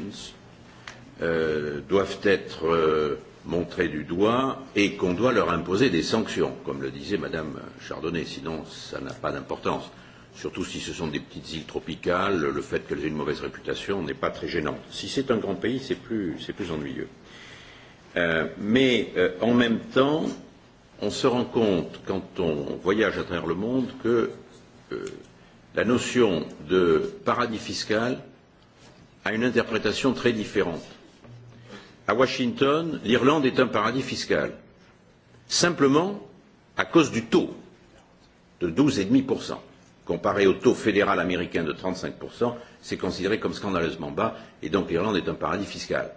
S1: euh, doivent être euh, montrés du doigt et qu'on doit leur imposer des sanctions, comme le disait Madame Chardonnay, sinon ça n'a pas d'importance. Surtout si ce sont des petites îles tropicales, le fait qu'elles aient une mauvaise réputation n'est pas très gênant. Si c'est un grand pays, c'est plus, plus ennuyeux. Euh, mais euh, en même temps, on se rend compte, quand on voyage à travers le monde, que euh, la notion de paradis fiscal a une interprétation très différente. À Washington, l'Irlande est un paradis fiscal, simplement à cause du taux de 12,5%. Comparé au taux fédéral américain de 35%, c'est considéré comme scandaleusement bas, et donc l'Irlande est un paradis fiscal.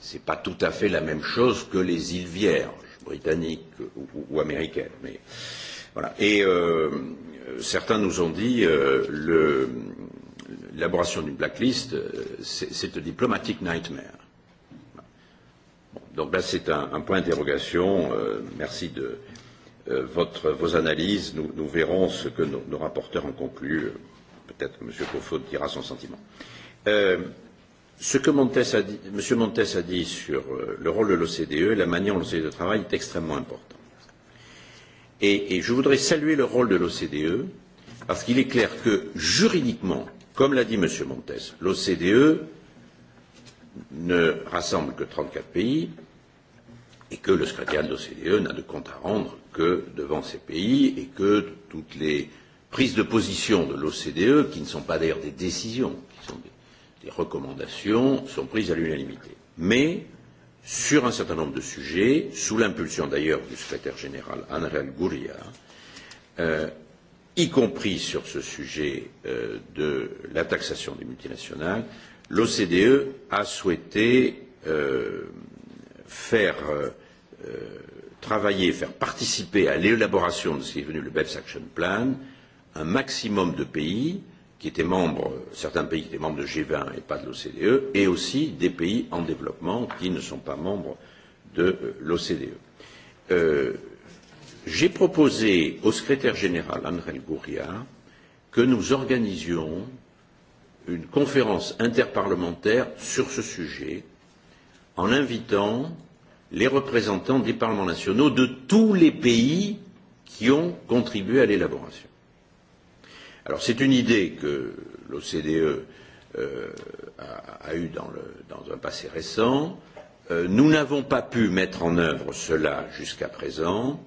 S1: Ce n'est pas tout à fait la même chose que les îles Vierges britannique ou, ou américaine. Mais, voilà. Et euh, certains nous ont dit euh, le, l'élaboration d'une blacklist, euh, c'est, c'est un diplomatique nightmare. Bon, donc là, c'est un, un point d'interrogation. Euh, merci de euh, votre, vos analyses. Nous, nous verrons ce que nos, nos rapporteurs ont conclu. Peut-être que M. Kofod dira son sentiment. Euh, Ce que Montes a dit, M. Montes a dit sur euh, le rôle de l'OCDE, la manière dont l'OCDE travaille est extrêmement importante. Et, et je voudrais saluer le rôle de l'OCDE, parce qu'il est clair que juridiquement, comme l'a dit M. Montes, l'OCDE ne rassemble que 34 pays et que le secrétaire de l'OCDE n'a de compte à rendre que devant ces pays et que toutes les prises de position de l'OCDE, qui ne sont pas d'ailleurs des décisions, des recommandations sont prises à l'unanimité. Mais, sur un certain nombre de sujets, sous l'impulsion d'ailleurs du secrétaire général Anrel Gouria, euh, y compris sur ce sujet euh, de la taxation des multinationales, l'OCDE a souhaité euh, faire euh, euh, travailler, faire participer à l'élaboration de ce qui est devenu le BEPS Action Plan un maximum de pays, euh, qui étaient membres, certains pays qui étaient membres de G20 et pas de l'OCDE, et aussi des pays en développement qui ne sont pas membres de euh, l'OCDE. Euh, J'ai proposé au secrétaire général André Gouria que nous organisions une conférence interparlementaire sur ce sujet en invitant les représentants des parlements nationaux de tous les pays qui ont contribué à l'élaboration. Alors c'est une idée que l'OCDE euh, a, a eue dans, le, dans un passé récent. Euh, nous n'avons pas pu mettre en œuvre cela jusqu'à présent,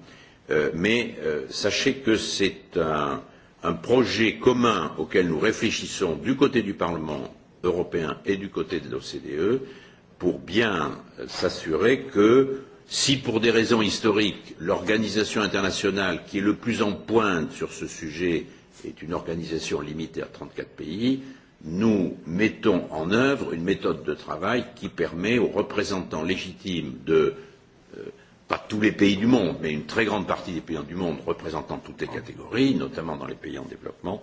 S1: euh, mais euh, sachez que c'est un, un projet commun auquel nous réfléchissons du côté du Parlement européen et du côté de l'OCDE pour bien euh, s'assurer que si pour des raisons historiques, l'organisation internationale qui est le plus en pointe sur ce sujet euh, est une organisation limitée à 34 pays, nous mettons en œuvre une méthode de travail qui permet aux représentants légitimes de, euh, pas tous les pays du monde, mais une très grande partie des pays du monde représentant toutes les catégories, notamment dans les pays en développement,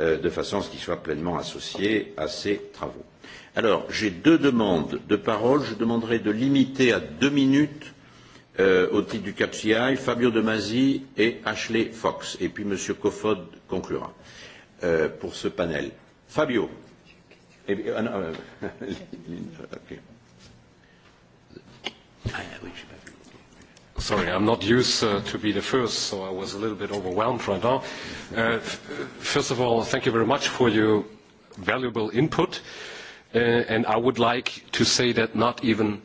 S1: euh, de façon à ce qu'ils soient pleinement associés à ces travaux. Alors, j'ai deux demandes de parole. Je demanderai de limiter à deux minutes euh, euh, au titre du CAPCI, Fabio De Masi et Ashley Fox. Et puis Monsieur Kofod conclura euh, pour ce panel. Fabio.
S7: Eh bien, euh, euh, okay. Ah, Sorry, I'm not used uh, to be the first, so I was a little bit overwhelmed right now. Uh, first of all, thank you very much for your valuable input. Uh, and I would like to say that not even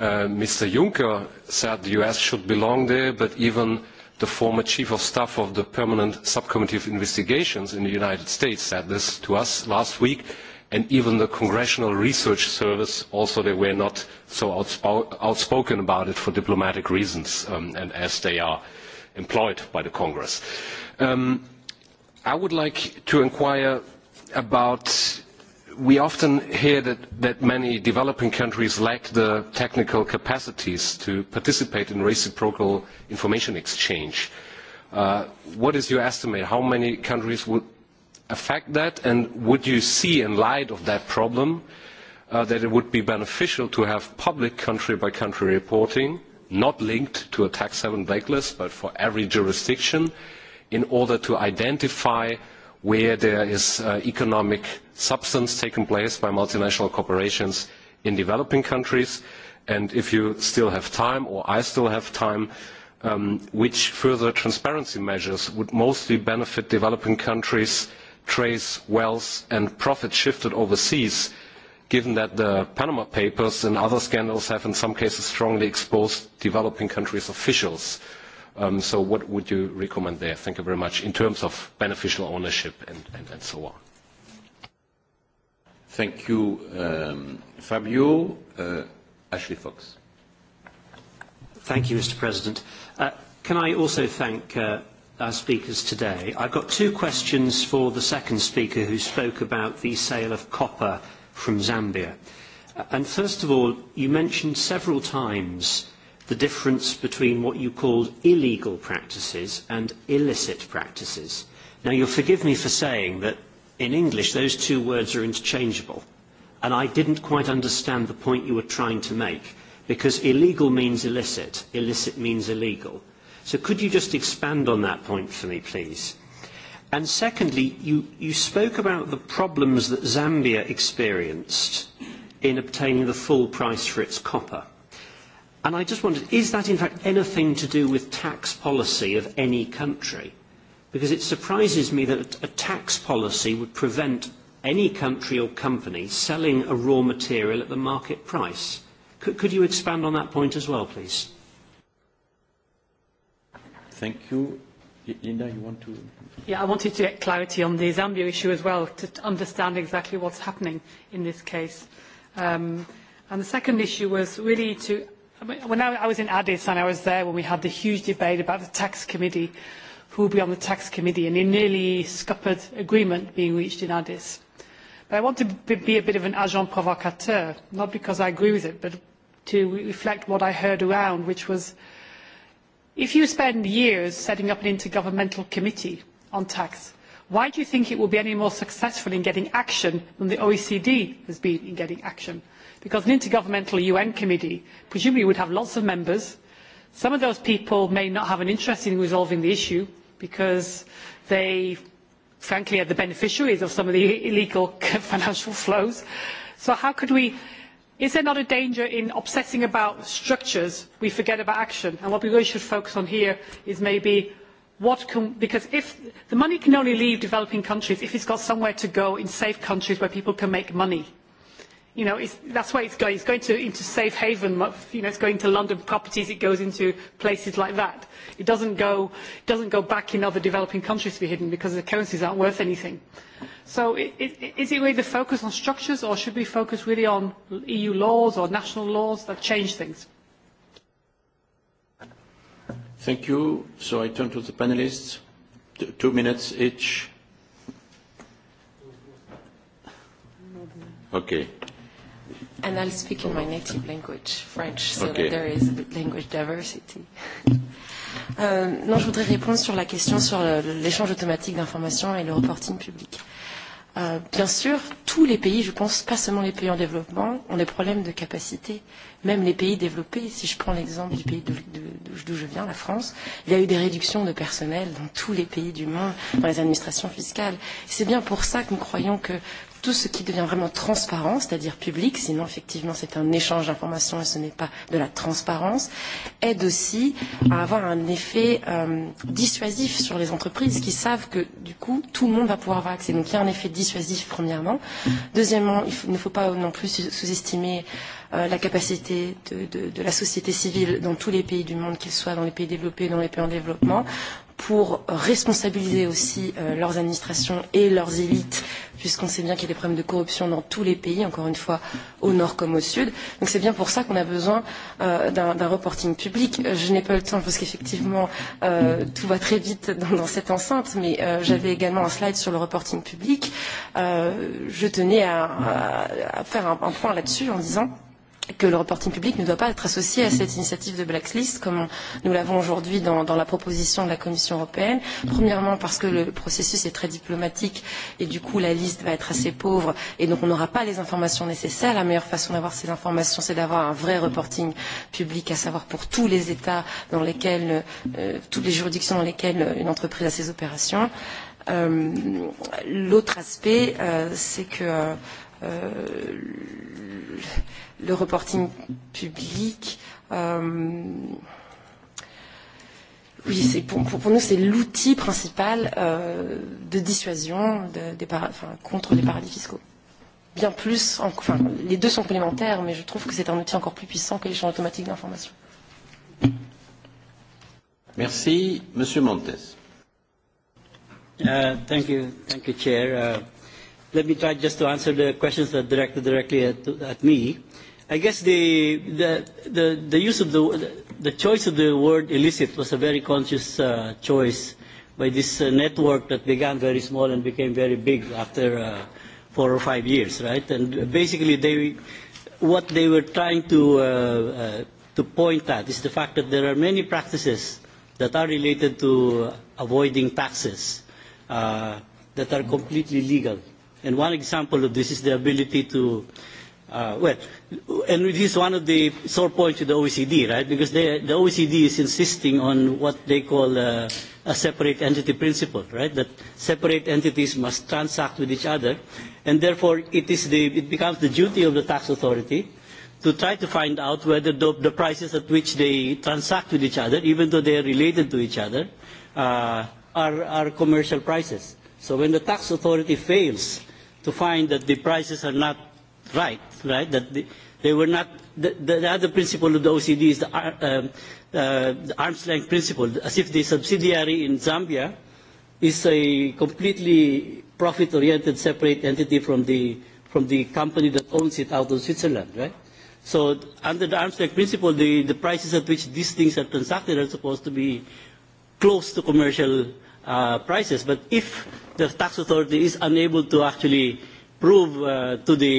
S7: Uh, Mr. Juncker said the US should belong there, but even the former chief of staff of the Permanent Subcommittee of Investigations in the United States said this to us last week, and even the Congressional Research Service also they were not so outspo outspoken about it for diplomatic reasons, um, and as they are employed by the Congress. Um, I would like to inquire about we often hear that, that many developing countries lack the technical capacities to participate in reciprocal information exchange. Uh, what is your estimate? How many countries would affect that? And would you see, in light of that problem, uh, that it would be beneficial to have public country by country reporting, not linked to a tax seven blacklist, but for every jurisdiction, in order to identify where there is uh, economic substance taken place by multinational corporations in developing countries, and if you still have time, or I still have time, um, which further transparency measures would mostly benefit developing countries trace wealth and profit shifted overseas, given that the Panama Papers and other scandals have in some cases strongly exposed developing countries' officials. Um, so what would you recommend there? Thank you very much. In terms of beneficial ownership and, and, and so on. Thank you, um, Fabio. Uh, Ashley Fox.
S8: Thank you, Mr. President. Uh, can I also thank uh, our speakers today? I've got two questions for the second speaker who spoke about the sale of copper from Zambia. Uh, and first of all, you mentioned several times uh, the difference between what you called illegal practices and illicit practices. Now, you'll forgive me for saying that in English, those two words are interchangeable. And I didn't quite understand the point you were trying to make, because illegal means illicit, illicit means illegal. So could you just expand on that point for me, please? And secondly, you, you spoke about the problems that Zambia experienced in obtaining the full price for its copper. And I just wondered, is that in fact anything to do with tax policy of any country? Because it surprises me that a tax policy would prevent any country or company selling a raw material at the market price. Could, could you expand on that point as well, please? Thank you. Linda, you want to?
S2: Yeah, I wanted to get clarity on the Zambia issue as well to understand exactly what's happening in this case. Um, and the second issue was really to when I was in Addis and I was there when we had the huge debate about the tax committee, who would be on the tax committee, and a nearly scuppered agreement being reached in Addis. But I want to be a bit of an agent provocateur, not because I agree with it, but to reflect what I heard around, which was if you spend years setting up an intergovernmental committee on tax, Why do you think it will be any more successful in getting action than the OECD has been in getting action? Because an intergovernmental UN committee presumably would have lots of members. Some of those people may not have an interest in resolving the issue because they, frankly, are the beneficiaries of some of the illegal financial flows. So how could we... Is there not a danger in obsessing about structures, we forget about action? And what we really should focus on here is maybe because if the money can only leave developing countries if it's got somewhere to go in safe countries where people can make money. You know, it's, that's where it's going. It's going to, into safe haven. You know, it's going to London properties. It goes into places like that. It doesn't go, it doesn't go back in other developing countries to be hidden because the currencies aren't worth anything. So it, it, is it really the focus on structures or should we focus really on EU laws or national laws that change things?
S1: Thank you. I turn to the panelists. Two minutes each. Okay.
S6: I'll speak in my native language, French. Okay. There is a bit language diversity. Euh, non, je voudrais répondre sur la question sur l'échange automatique d'informations et le reporting public. Euh, bien sûr, tous les pays, je pense, pas seulement les pays en développement, ont des problèmes de capacité. Même les pays développés, si je prends l'exemple du pays d'où je viens, la France, il y a eu des réductions de personnel dans tous les pays du monde, dans les administrations fiscales. C'est bien pour ça que nous croyons que tout ce qui devient vraiment transparent, c'est-à-dire public, sinon effectivement c'est un échange d'informations et ce n'est pas de la transparence, aide aussi à avoir un effet euh, dissuasif sur les entreprises qui savent que du coup tout le monde va pouvoir avoir accès. Donc il y a un effet dissuasif premièrement. Deuxièmement, il ne faut pas non plus sous-estimer euh, la capacité de, de, de la société civile dans tous les pays du monde, qu'ils soient dans les pays développés ou dans les pays en développement, pour responsabiliser aussi euh, leurs administrations et leurs élites, puisqu'on sait bien qu'il y a des problèmes de corruption dans tous les pays, encore une fois, au nord comme au sud. Donc c'est bien pour ça qu'on a besoin euh, d'un reporting public. Je n'ai pas le temps, parce qu'effectivement, euh, tout va très vite dans, dans cette enceinte, mais euh, j'avais également un slide sur le reporting public. Euh, je tenais à, à, à faire un, un point là-dessus en disant que le reporting public ne doit pas être associé à cette initiative de blacklist, comme nous l'avons aujourd'hui dans, dans la proposition de la Commission européenne. Premièrement, parce que le processus est très diplomatique et du coup la liste va être assez pauvre et donc on n'aura pas les informations nécessaires. La meilleure façon d'avoir ces informations, c'est d'avoir un vrai reporting public, à savoir pour tous les États dans lesquels, euh, toutes les juridictions dans lesquelles une entreprise a ses opérations. Euh, L'autre aspect, euh, c'est que euh, Euh, le reporting public. Euh, oui, c'est pour, pour, pour nous, c'est l'outil principal euh, de dissuasion de, des para, enfin, contre les paradis fiscaux. Bien plus, en, enfin, les deux sont complémentaires, mais je trouve que c'est un outil encore plus puissant que l'échange automatique
S5: d'informations.
S1: Merci. Monsieur Montes.
S5: Uh, thank you. Thank you, Chair. Uh, let me try just to answer the questions that directed directly at, at me. I guess the, the, the, the use of the, the choice of the word illicit was a very conscious uh, choice by this uh, network that began very small and became very big after uh, four or five years, right? And basically, they, what they were trying to, uh, uh, to point at is the fact that there are many practices that are related to avoiding taxes uh, that are completely legal. And one example of this is the ability to, uh, well, and this is one of the sore points of the OECD, right? Because they, the OECD is insisting on what they call uh, a separate entity principle, right? That separate entities must transact with each other. And therefore, it, is the, it becomes the duty of the tax authority to try to find out whether the, the prices at which they transact with each other, even though they are related to each other, uh, are, are commercial prices. So when the tax authority fails uh, to find that the prices are not right, right? That the, they were not. The, the other principle of the OCD is the, ar, uh, um, uh, the arm's length principle, as if the subsidiary in Zambia is a completely profit-oriented separate entity from the from the company that owns it out of Switzerland, right? So under the arm's length principle, the, the prices at which these things are transacted are supposed to be close to commercial uh, prices. But if the tax authority is unable to actually prove uh, to the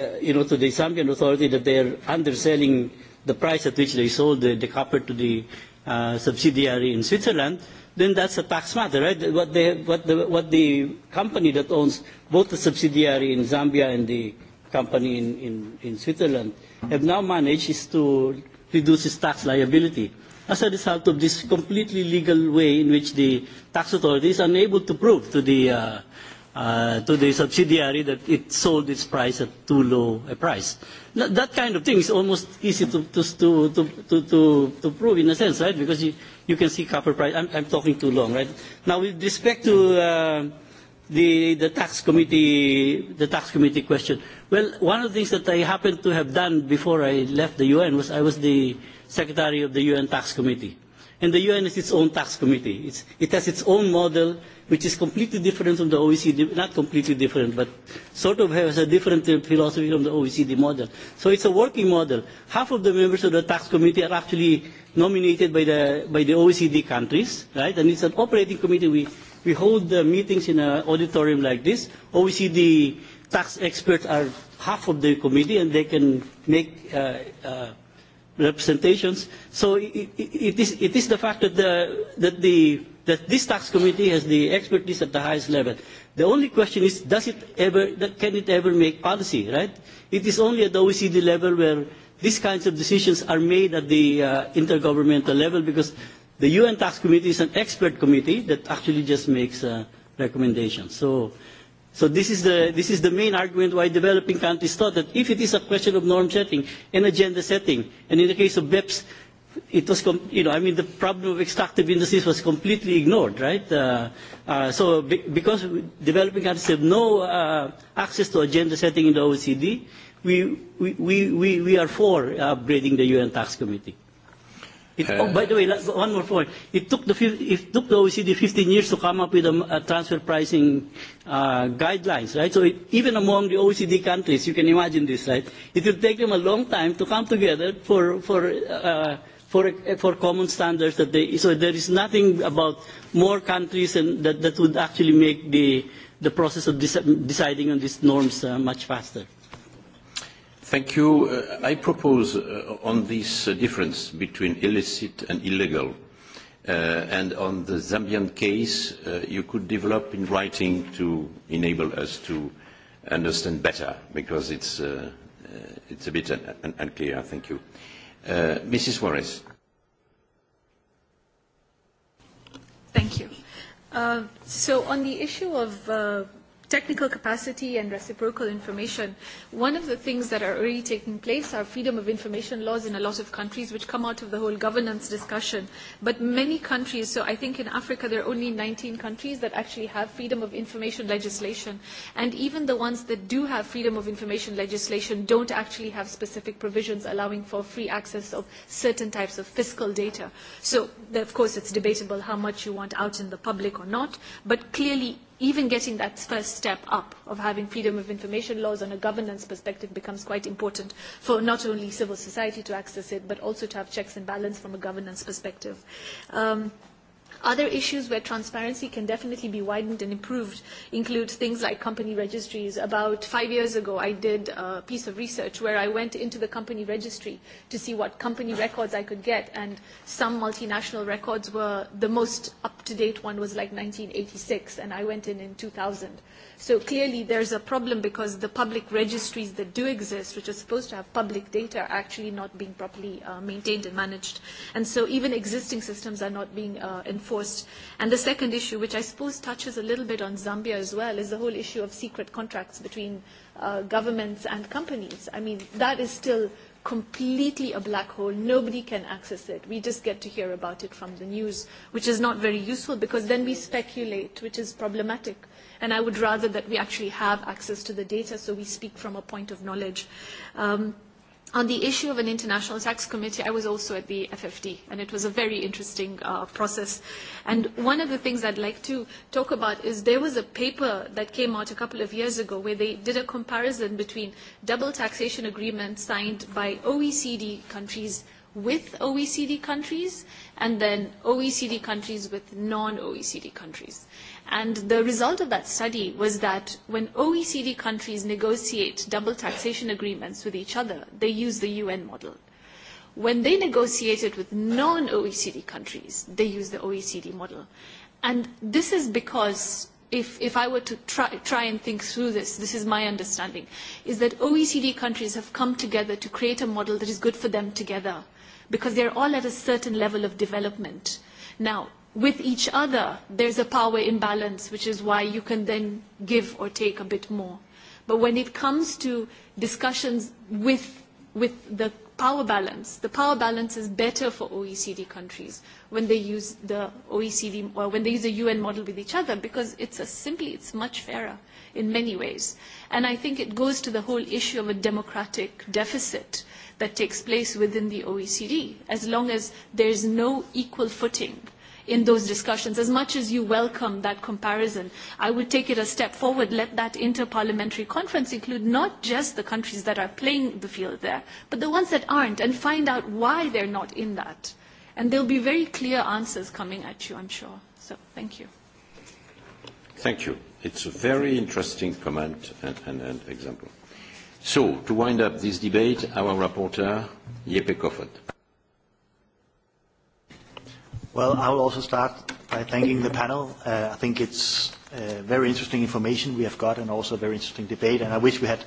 S5: uh, you know to the Zambian authority that they are underselling the price at which they sold the, the copper to the uh, subsidiary in Switzerland, then that's a tax matter, right? What the what the what the company that owns both the subsidiary in Zambia and the company in, in, in Switzerland have now managed is to reduce its tax liability as a result of this completely legal way in which the tax authority is unable to prove to the uh, uh, to the subsidiary that it sold its price at too low a price. Now, that kind of thing is almost easy to to to to to, to prove in a sense, right? Because you, you can see copper price. I'm, I'm talking too long, right? Now, with respect to uh, the the tax committee the tax committee question, well, one of the things that I happened to have done before I left the UN was I was the secretary of the UN tax committee. And the UN has its own tax committee. It's, it has its own model, which is completely different from the OECD, not completely different, but sort of has a different uh, philosophy from the OECD model. So it's a working model. Half of the members of the tax committee are actually nominated by the, by the OECD countries, right? And it's an operating committee. We, we hold the meetings in an auditorium like this. OECD tax experts are half of the committee, and they can make uh, uh, representations. So it, it, it, is, it is the fact that, the, that, the, that this tax committee has the expertise at the highest level. The only question is, does it ever, can it ever make policy, right? It is only at the OECD level where these kinds of decisions are made at the uh, intergovernmental level because the UN tax committee is an expert committee that actually just makes uh, recommendations. So. So this is the this is the main argument why developing countries thought that if it is a question of norm setting and agenda setting, and in the case of BEPS, it was com- you know I mean the problem of extractive industries was completely ignored, right? Uh, uh, so be- because developing countries have no uh, access to agenda setting in the OECD, we we we, we are for uh, upgrading the UN Tax Committee. It, uh, oh, by the way, let's, one more point. It took the it took the OECD 15 years to come up with a, a transfer pricing uh, guidelines, right? So it, even among the OECD countries, you can imagine this, right? It will take them a long time to come together for for uh, for for common standards that they. So there is nothing about more countries and that that would actually make the the process of deci deciding on these norms uh, much faster.
S1: Thank you. Uh, I propose uh, on this uh, difference between illicit and illegal, uh, and on the Zambian case, uh, you could develop in writing to enable us to understand better, because it's, uh, uh, it's a bit un un unclear. Thank you. Uh, Mrs. Suarez.
S9: Thank you.
S4: Uh, so on the issue of uh, technical capacity and reciprocal information, one of the things that are already taking place are freedom of information laws in a lot of countries, which come out of the whole governance discussion. But many countries, so I think in Africa, there are only 19 countries that actually have freedom of information legislation. And even the ones that do have freedom of information legislation don't actually have specific provisions allowing for free access of certain types of fiscal data. So, of course, it's debatable how much you want out in the public or not, but clearly even getting that first step up of having freedom of information laws on a governance perspective becomes quite important for not only civil society to access it, but also to have checks and balance from a governance perspective. Um, Other issues where transparency can definitely be widened and improved include things like company registries. About five years ago, I did a piece of research where I went into the company registry to see what company records I could get, and some multinational records were the most up-to-date one was like 1986, and I went in in 2000. So clearly there's a problem because the public registries that do exist, which are supposed to have public data, are actually not being properly uh, maintained and managed. And so even existing systems are not being uh, enforced enforced. And the second issue, which I suppose touches a little bit on Zambia as well, is the whole issue of secret contracts between uh, governments and companies. I mean, that is still completely a black hole. Nobody can access it. We just get to hear about it from the news, which is not very useful because then we speculate, which is problematic. And I would rather that we actually have access to the data so we speak from a point of knowledge. Um, On the issue of an international tax committee, I was also at the FFD, and it was a very interesting uh, process. And one of the things I'd like to talk about is there was a paper that came out a couple of years ago where they did a comparison between double taxation agreements signed by OECD countries with OECD countries and then OECD countries with non-OECD countries. And the result of that study was that when OECD countries negotiate double taxation agreements with each other, they use the UN model. When they negotiate it with non-OECD countries, they use the OECD model. And this is because, if, if I were to try, try and think through this, this is my understanding, is that OECD countries have come together to create a model that is good for them together because they're all at a certain level of development. Now, with each other, there's a power imbalance, which is why you can then give or take a bit more. But when it comes to discussions with, with the power balance, the power balance is better for OECD countries when they use the OECD or when they use the UN model with each other because it's a simply it's much fairer in many ways. And I think it goes to the whole issue of a democratic deficit that takes place within the OECD. As long as there's no equal footing in those discussions. As much as you welcome that comparison, I would take it a step forward. Let that interparliamentary conference include not just the countries that are playing the field there, but the ones that aren't, and find out why they're not in that. And there'll be very clear answers coming at you, I'm sure. So thank you.
S1: Thank you. It's a very interesting comment and, and, and example. So, to wind up this debate, our rapporteur, Yepe Koffert.
S10: Well, I will also start by thanking the panel. Uh, I think it's uh, very interesting information we have got and also a very interesting debate. And I wish we had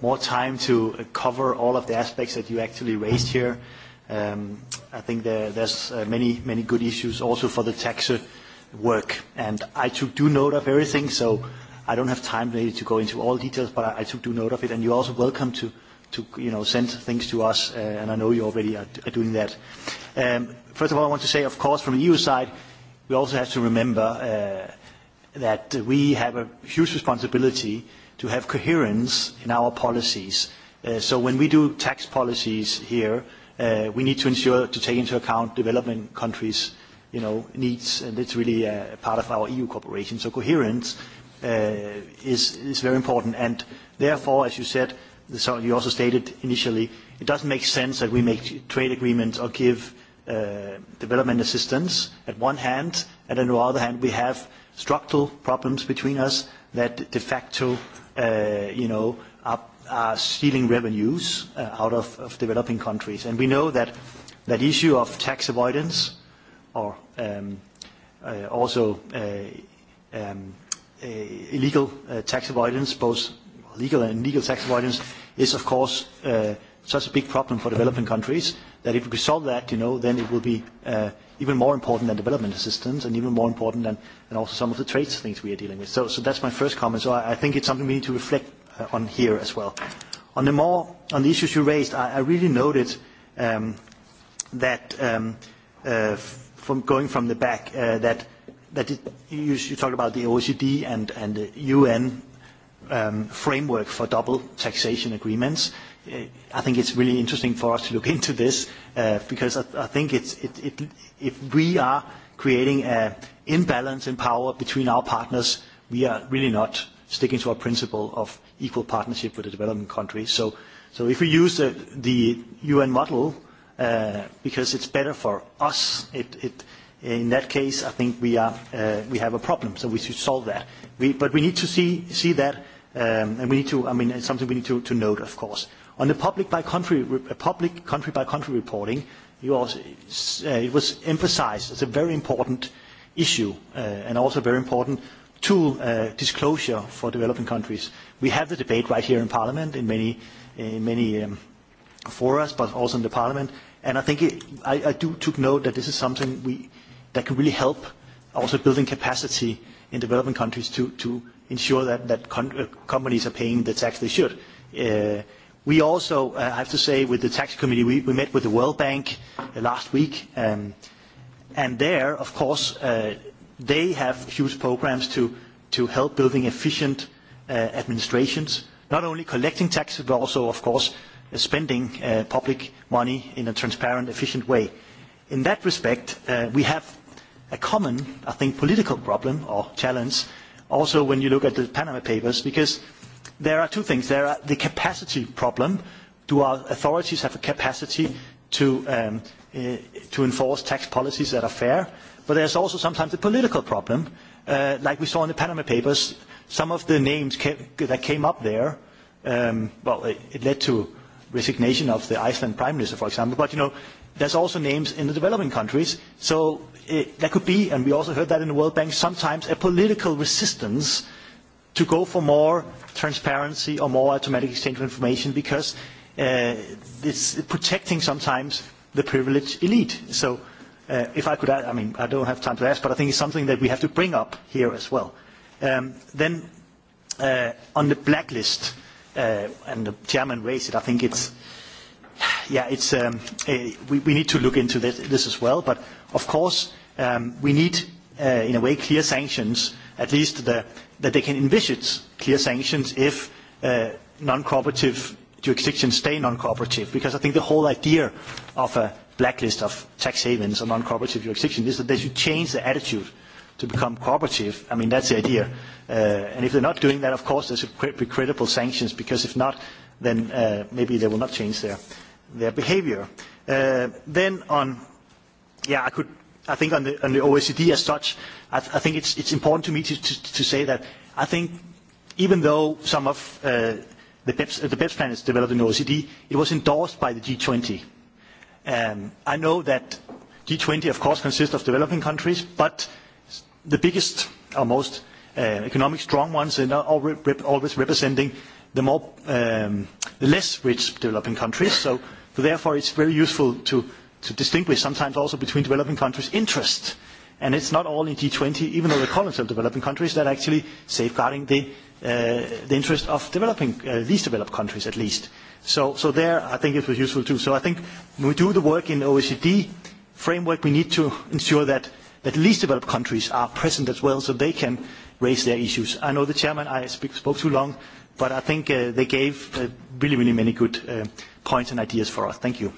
S10: more time to uh, cover all of the aspects that you actually raised here. Um, I think there, there's uh, many, many good issues also for the tax work. And I took due note of everything, so I don't have time maybe to go into all details, but I, I took due note of it. And you're also welcome to, to you know send things to us uh, and I know you already are, are doing that um, first of all I want to say of course from the EU side we also have to remember uh, that we have a huge responsibility to have coherence in our policies uh, so when we do tax policies here uh, we need to ensure to take into account developing countries you know needs and it's really a uh, part of our EU cooperation so coherence uh, is is very important and therefore as you said so you also stated initially, it doesn't make sense that we make trade agreements or give uh, development assistance at one hand, and on the other hand, we have structural problems between us that de facto, uh, you know, are, are stealing revenues uh, out of, of developing countries. And we know that that issue of tax avoidance, or um, uh, also uh, um, uh, illegal uh, tax avoidance, both legal and illegal tax avoidance is of course uh, such a big problem for developing countries that if we solve that, you know, then it will be uh, even more important than development assistance and even more important than, than also some of the trade things we are dealing with. So, so that's my first comment. So I, I think it's something we need to reflect uh, on here as well. On the more on the issues you raised, I, I really noted um, that um, uh, from going from the back uh, that that it, you, you talked about the OECD and, and the UN um, framework for double taxation agreements. Uh, I think it's really interesting for us to look into this uh, because I, I think it's, it, it, if we are creating an imbalance in power between our partners, we are really not sticking to our principle of equal partnership with the development countries. So, so if we use the, the UN model, uh, because it's better for us, it, it, in that case, I think we, are, uh, we have a problem, so we should solve that. We, but we need to see, see that um, and we need to i mean it's something we need to, to note of course on the public by country uh, public country by country reporting you also uh, it was emphasized as a very important issue uh, and also very important tool uh, disclosure for developing countries we have the debate right here in parliament in many in many um, for us but also in the parliament and i think it, I, I do took note that this is something we that can really help also building capacity in developing countries to, to ensure that uh, companies are paying the tax they should. Uh, we also, uh, I have to say, with the tax committee, we met with the World Bank last week. Um, there, of course, they have huge programs to help building efficient administrations, not only collecting taxes, but also, of course, spending public money in a transparent, efficient way. In that respect, we have a common, I think, political problem or challenge, also when you look at the Panama Papers, because there are two things. There are the capacity problem. Do our authorities have a capacity to, um, uh, to enforce tax policies that are fair? But there's also sometimes a political problem. Uh, like we saw in the Panama Papers, some of the names came, that came up there, um, well, it, it led to resignation of the Iceland Prime Minister, for example. But, you know, there's also names in the developing countries. So it, eh, there could be, and we also heard that in the World Bank, sometimes a political resistance to go for more transparency or more automatic exchange of information because uh, it's protecting sometimes the privileged elite. So uh, if I could add, I mean, I don't have time to ask, but I think it's something that we have to bring up here as well. Um, then uh, on the blacklist, uh, and the chairman raised it, I think it's. Okay yeah, it's, um, a, eh, we, we need to look into this, this as well. But of course, um, we need, uh, in a way, clear sanctions, at least the, that they can envisage clear sanctions if uh, non cooperative jurisdictions stay non cooperative. Because I think the whole idea of a blacklist of tax havens or non cooperative jurisdictions is that they should change the attitude to become cooperative. I mean, that's the idea. Uh, and if they're not doing that, of course, there should be credible sanctions, because if not, then uh, maybe they will not change there their behavior. Uh, then on, yeah, I could, I think on the, on the OECD as such, I, th I think it's, it's important to me to, to, to say that I think even though some of uh, the, BEPS, uh, the BEPS plan is developed in OECD, it was endorsed by the G20. Um, I know that G20, of course, consists of developing countries, but the biggest or most uh, economic strong ones are not re rep always representing the, more, um, the less rich developing countries. So. So therefore, it's very useful to, to distinguish sometimes also between developing countries' interests. And it's not all in G20, even though the columns of developing countries, that are actually safeguarding the, uh, the interest of developing, uh, least developed countries at least. So, so there, I think it was useful too. So I think when we do the work in OECD framework, we need to ensure that, that least developed countries are present as well so they can raise their issues. I know the chairman, I speak, spoke too long, but I think uh, they gave uh, really, really many good uh, points and ideas for us. Thank you.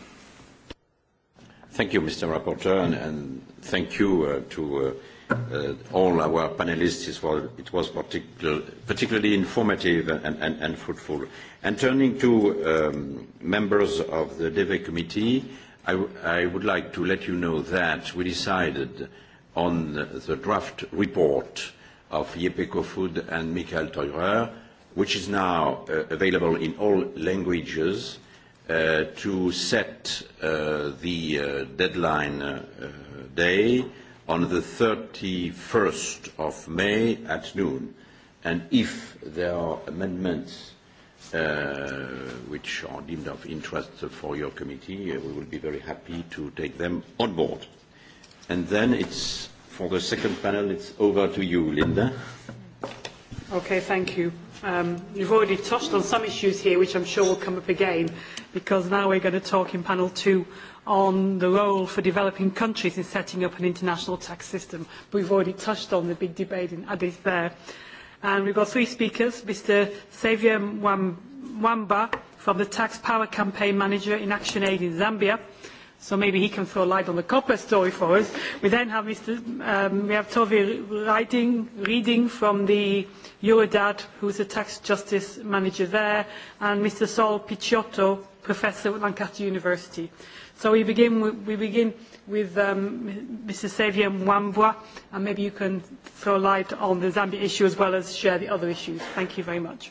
S1: Thank you, Mr. Rapporteur, and, and thank you uh, to uh, uh, all our panelists. As well. It was particular, particularly informative and, and, and fruitful. And turning to um, members of the DEVE committee, I, w- I would like to let you know that we decided on the draft report of Yepeco Food and Michael Teurer which is now uh, available in all languages, uh, to set uh, the uh, deadline uh, day on the 31st of May at noon. And if there are amendments uh, which are deemed of interest for your committee, uh, we will be very happy to take them on board. And then it's for the second panel, it's over to you,
S3: Linda. Thank you.
S2: Okay, thank you. Um, you've already touched on some issues here, which I'm sure will come up again, because now we're going to talk in panel two on the role for developing countries in setting up an international tax system. But we've already touched on the big debate in Addis there. And we've got three speakers, Mr. Xavier Mwamba from the Tax Power Campaign Manager in Action Aid in Zambia, so maybe he can throw light on the copper story for us. We then have Mr. Um, we have Tovi writing, reading from the Eurodad, who's a tax justice manager there, and Mr. Saul Picciotto, professor at Lancaster University. So we begin with, we begin with um, Mr. Xavier Mwambwa, and maybe you can throw light on the Zambia issue as well as share the other issues. Thank you very much.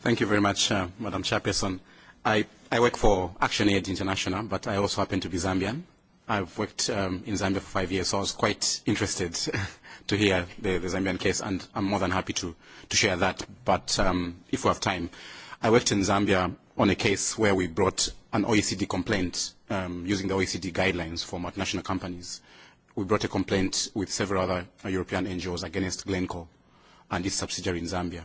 S11: Thank you very much, uh, Madam Chairperson. I, I work for ActionAid International, but I also happen to be Zambian. I've worked um, in Zambia for five years, so I was quite interested to hear the, the Zambian case, and I'm more than happy to, to share that. But um, if we have time, I worked in Zambia on a case where we brought an OECD complaint um, using the OECD guidelines for multinational companies. We brought a complaint with several other uh, European NGOs against Glencore and its subsidiary in Zambia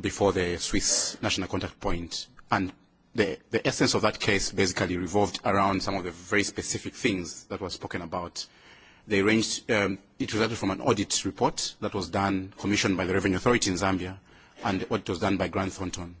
S11: before the Swiss national contact point. And the, the essence of that case basically revolved around some of the very specific things that were spoken about. They ranged, um, it resulted from an audit report that was done, commissioned by the Revenue Authority in Zambia, and the audit was done by Grant Thornton,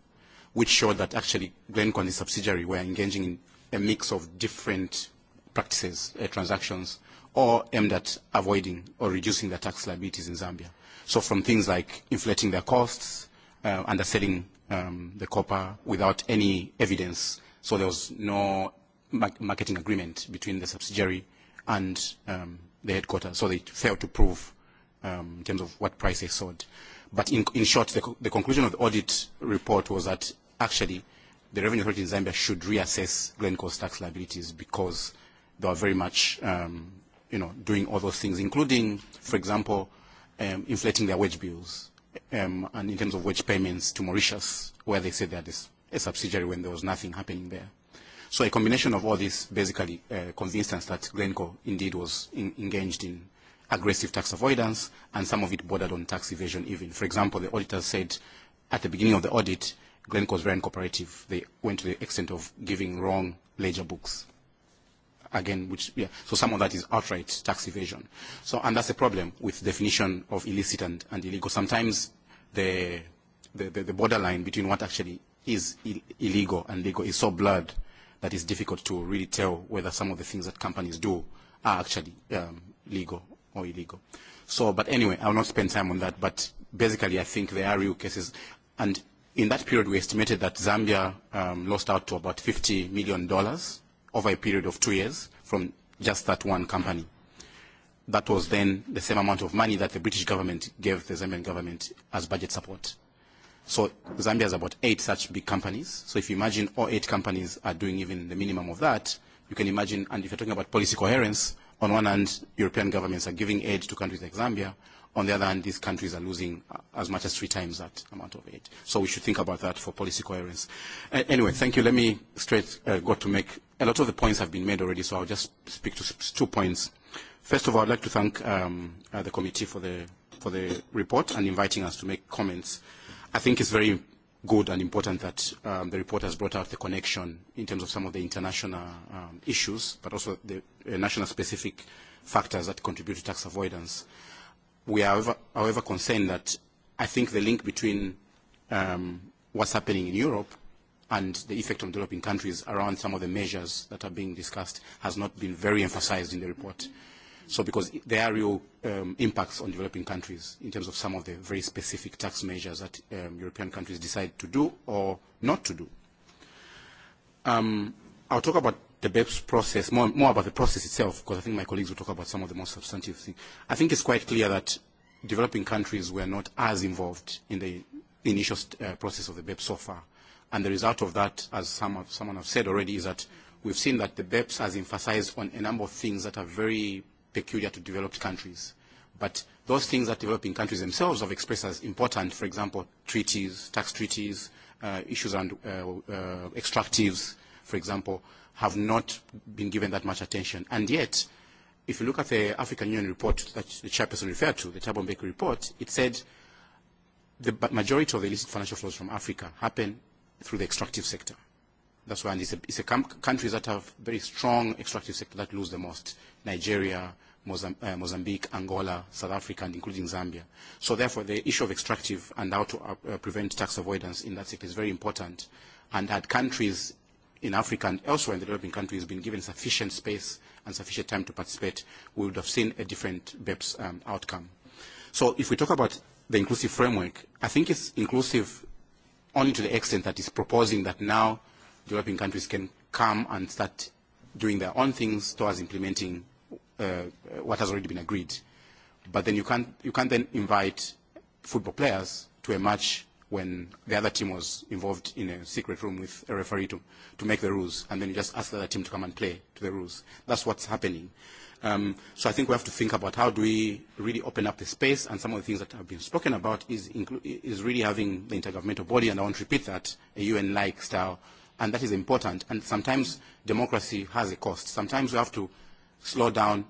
S11: which showed that actually Glencoe and the subsidiary were engaging in a mix of different practices, uh, transactions, or aimed at avoiding or reducing their tax liabilities in Zambia. So from things like inflating their costs, uh, underselling um, the copper without any evidence. So there was no marketing agreement between the subsidiary and um, the headquarters. So they failed to prove um, in terms of what price they sold. But in, in short, the, co the conclusion of the audit report was that actually the revenue authority in Zambia should reassess Glencore's tax liabilities because they are very much um, you know, doing all those things, including, for example, um, inflating their wage bills um, and in terms of wage payments to Mauritius, where they said that is a subsidiary when there was nothing happening there. So a combination of all this basically uh, convinced us that Glencore indeed was in, engaged in aggressive tax avoidance, and some of it bordered on tax evasion even. For example, the auditors said at the beginning of the audit, Glencore was very uncooperative. They went to the extent of giving wrong ledger books again, which yeah, so some of that is outright tax evasion. So, and that's the problem with definition of illicit and, and illegal. Sometimes the, the, the borderline between what actually is Ill- illegal and legal is so blurred that it's difficult to really tell whether some of the things that companies do are actually um, legal or illegal. So, but anyway, I will not spend time on that. But basically, I think there are real cases. And in that period, we estimated that Zambia um, lost out to about $50 million over a period of two years from just that one company. That was then the same amount of money that the British government gave the Zambian government as budget support. So Zambia has about eight such big companies. So if you imagine all eight companies are doing even the minimum of that, you can imagine, and if you're talking about policy coherence, on one hand, European governments are giving aid to countries like Zambia. On the other hand, these countries are losing uh, as much as three times that amount of aid. So we should think about that for policy coherence. Uh, anyway, thank you. Let me straight uh, go to make a lot of the points have been made already, so I'll just speak to two points. First of all, I'd like to thank um, uh, the committee for the, for the report and inviting us to make comments. I think it's very good and important that um, the report has brought out the connection in terms of some of the international um, issues, but also the uh, national-specific factors that contribute to tax avoidance. We are, however, however, concerned that I think the link between um, what's happening in Europe and the effect on developing countries around some of the measures that are being discussed has not been very emphasized in the report. So because there are real um, impacts on developing countries in terms of some of the very specific tax measures that um, European countries decide to do or not to do. Um, I'll talk about the BEPS process, more, more about the process itself, because I think my colleagues will talk about some of the more substantive things. I think it's quite clear that developing countries were not as involved in the initial uh, process of the BEPS so far. And the result of that, as some have, someone have said already, is that we've seen that the BEPS has emphasized on a number of things that are very peculiar to developed countries. But those things that developing countries themselves have expressed as important, for example, treaties, tax treaties, uh, issues and uh, uh, extractives, for example, have not been given that much attention. And yet, if you look at the African Union report that the chairperson referred to, the Tabon Baker report, it said the majority of the illicit financial flows from Africa happen through the extractive sector. That's why and it's, a, it's a com- countries that have very strong extractive sector that lose the most. Nigeria, Mozamb- uh, Mozambique, Angola, South Africa, and including Zambia. So therefore, the issue of extractive and how to uh, uh prevent tax avoidance in that sector is very important. And had countries in Africa and elsewhere in the developing countries been given sufficient space and sufficient time to participate, we would have seen a different BEPS um, outcome. So if we talk about the inclusive framework, I think it's inclusive only to the extent that it's proposing that now developing countries can come and start doing their own things towards implementing uh, what has already been agreed. But then you can't, you can't then invite football players to a match when the other team was involved in a secret room with a referee to, to make the rules, and then you just ask the other team to come and play to the rules. That's what's happening. Uh, Um, so I think we have to think about how do we really open up the space and some of the things that have been spoken about is, is really having the intergovernmental body, and I want to repeat that, a UN-like style, and that is important. And sometimes democracy has a cost. Sometimes we have to slow down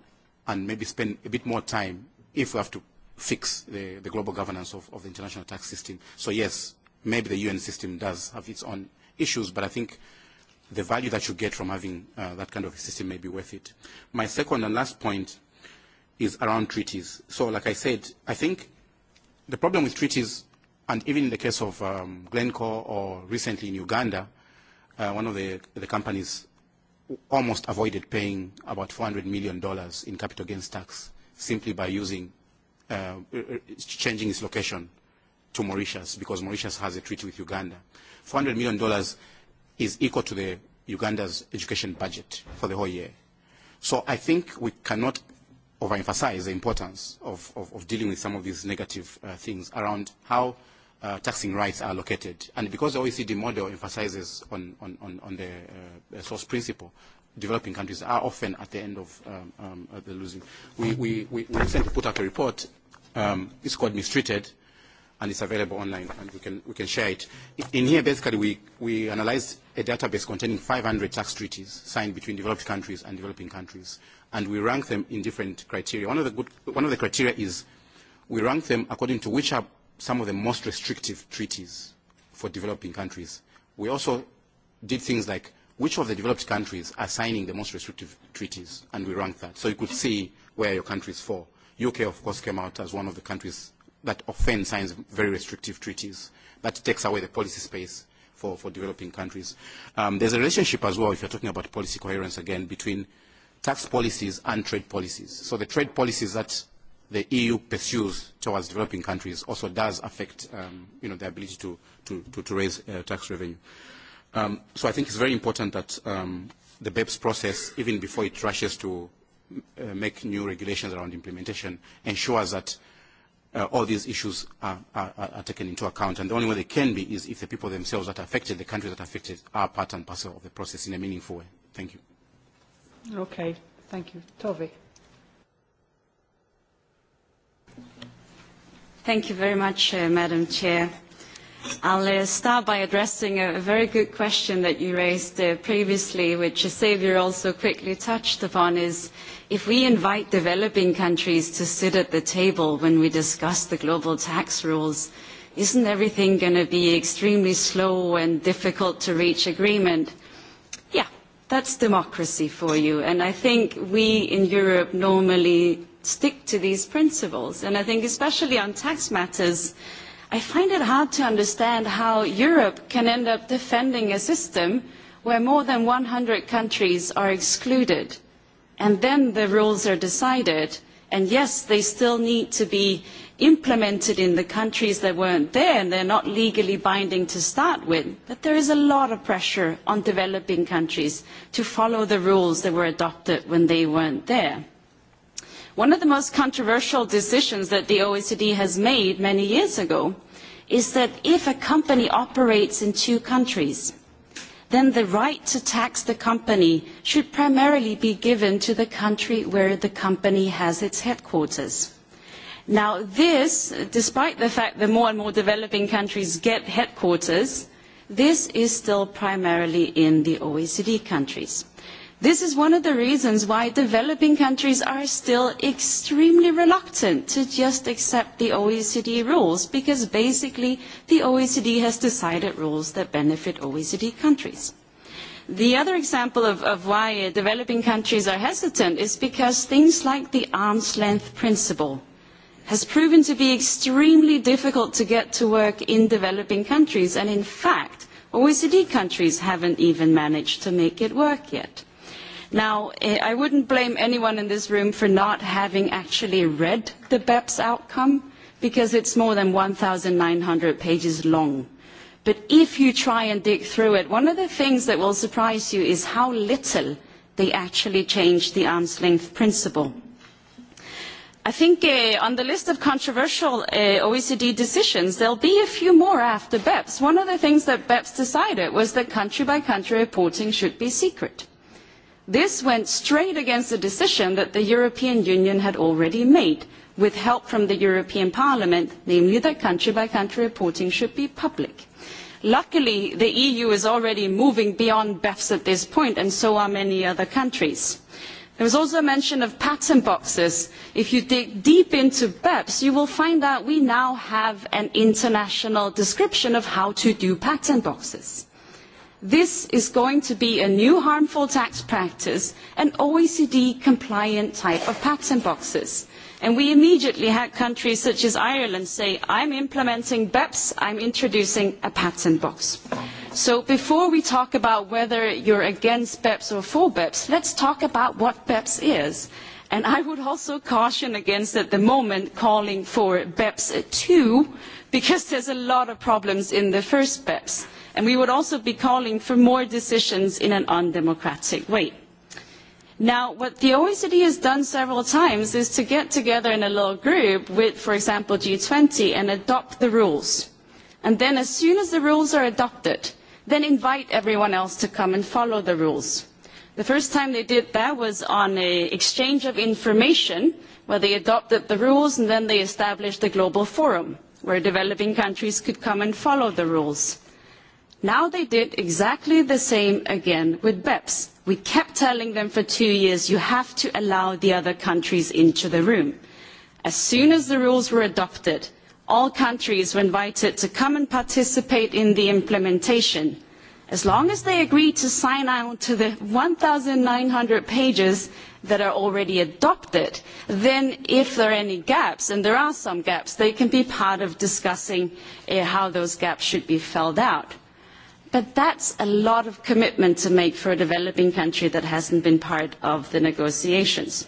S11: and maybe spend a bit more time if we have to fix the, the global governance of, of the international tax system. So yes, maybe the UN system does have its own issues, but I think the value that you get from having uh, that kind of a system may be worth it. My second and last point is around treaties. So like I said, I think the problem with treaties, and even in the case of um, Glencore or recently in Uganda, uh, one of the, the companies almost avoided paying about $400 million in capital gains tax simply by using, uh, uh, uh, changing its location to Mauritius because Mauritius has a treaty with Uganda. $400 million is equal to the Uganda's education budget for the whole year. So I think we cannot overemphasize the importance of, of, of dealing with some of these negative uh, things around how uh, taxing rights are located. And because the OECD model emphasizes on, on, on, on the uh, source principle, developing countries are often at the end of um, um, the losing. We, we, we recently put out a report, um, it's called Mistreated, uh, and it's available online, and we can, we can share it. In here, basically, we, we analyzed a database containing 500 tax treaties signed between developed countries and developing countries, and we rank them in different criteria. One of the, good, one of the criteria is we rank them according to which are some of the most restrictive treaties for developing countries. We also did things like which of the developed countries are signing the most restrictive treaties, and we rank that. So you could see where your countries fall. UK, of course, came out as one of the countries that often signs very restrictive treaties that takes away the policy space for, for developing countries. Um, there's a relationship as well, if you're talking about policy coherence again, between tax policies and trade policies. So the trade policies that the EU pursues towards developing countries also does affect um, you know, their ability to, to, to, to raise uh, tax revenue. Um, so I think it's very important that um, the BEPS process, even before it rushes to uh, make new regulations around implementation, ensures that uh, all these issues are, are, are taken into account. And the only way they can be is if the people themselves that are affected, the countries that are affected, are part and parcel of the process in a meaningful way. Thank you.
S2: Okay. Thank you. Tove.
S12: Thank you very much, uh, Madam Chair. I'll uh, start by addressing a very good question that you raised uh, previously, which uh, Xavier also quickly touched upon, is if we invite developing countries to sit at the table when we discuss the global tax rules, isn't everything going to be extremely slow and difficult to reach agreement? Yeah, that's democracy for you. And I think we in Europe normally stick to these principles. And I think especially on tax matters, I find it hard to understand how Europe can end up defending a system where more than 100 countries are excluded. And then the rules are decided. And yes, they still need to be implemented in the countries that weren't there and they're not legally binding to start with. But there is a lot of pressure on developing countries to follow the rules that were adopted when they weren't there. One of the most controversial decisions that the OECD has made many years ago is that if a company operates in two countries, then the right to tax the company should primarily be given to the country where the company has its headquarters. Now, this, despite the fact that more and more developing countries get headquarters, this is still primarily in the OECD countries. This is one of the reasons why developing countries are still extremely reluctant to just accept the OECD rules, because basically the OECD has decided rules that benefit OECD countries. The other example of, of why developing countries are hesitant is because things like the arm's length principle has proven to be extremely difficult to get to work in developing countries, and in fact, OECD countries haven't even managed to make it work yet. Now, eh, I wouldn't blame anyone in this room for not having actually read the BEPS outcome because it's more than 1,900 pages long. But if you try and dig through it, one of the things that will surprise you is how little they actually changed the arm's length principle. I think uh, on the list of controversial uh, eh, OECD decisions, there'll be a few more after BEPS. One of the things that BEPS decided was that country by country reporting should be secret. This went straight against the decision that the European Union had already made. With help from the European Parliament, namely that country by country reporting should be public. Luckily, the EU is already moving beyond BEFs at this point, and so are many other countries. There was also a mention of patent boxes. If you dig deep into BEPS, you will find out we now have an international description of how to do patent boxes. This is going to be a new harmful tax practice and e OECD compliant type of patent boxes. And we immediately had countries such as Ireland say, I'm implementing BEPS, I'm introducing a patent box. So before we talk about whether you're against BEPS or for BEPS, let's talk about what BEPS is. And I would also caution against at the moment calling for BEPS 2 because there's a lot of problems in the first BEPS and we would also be calling for more decisions in an undemocratic way. Now, what the OECD has done several times is to get together in a little group with, for example, G20 and adopt the rules. And then as soon as the rules are adopted, then invite everyone else to come and follow the rules. The first time they did that was on an exchange of information where they adopted the rules and then they established the global forum where developing countries could come and follow the rules. Now they did exactly the same again with BEPS. We kept telling them for two years, you have to allow the other countries into the room. As soon as the rules were adopted, all countries were invited to come and participate in the implementation. As long as they agreed to sign on to the 1,900 pages that are already adopted, then if there are any gaps, and there are some gaps, they can be part of discussing uh, how those gaps should be filled out. But that's a lot of commitment to make for a developing country that hasn't been part of the negotiations.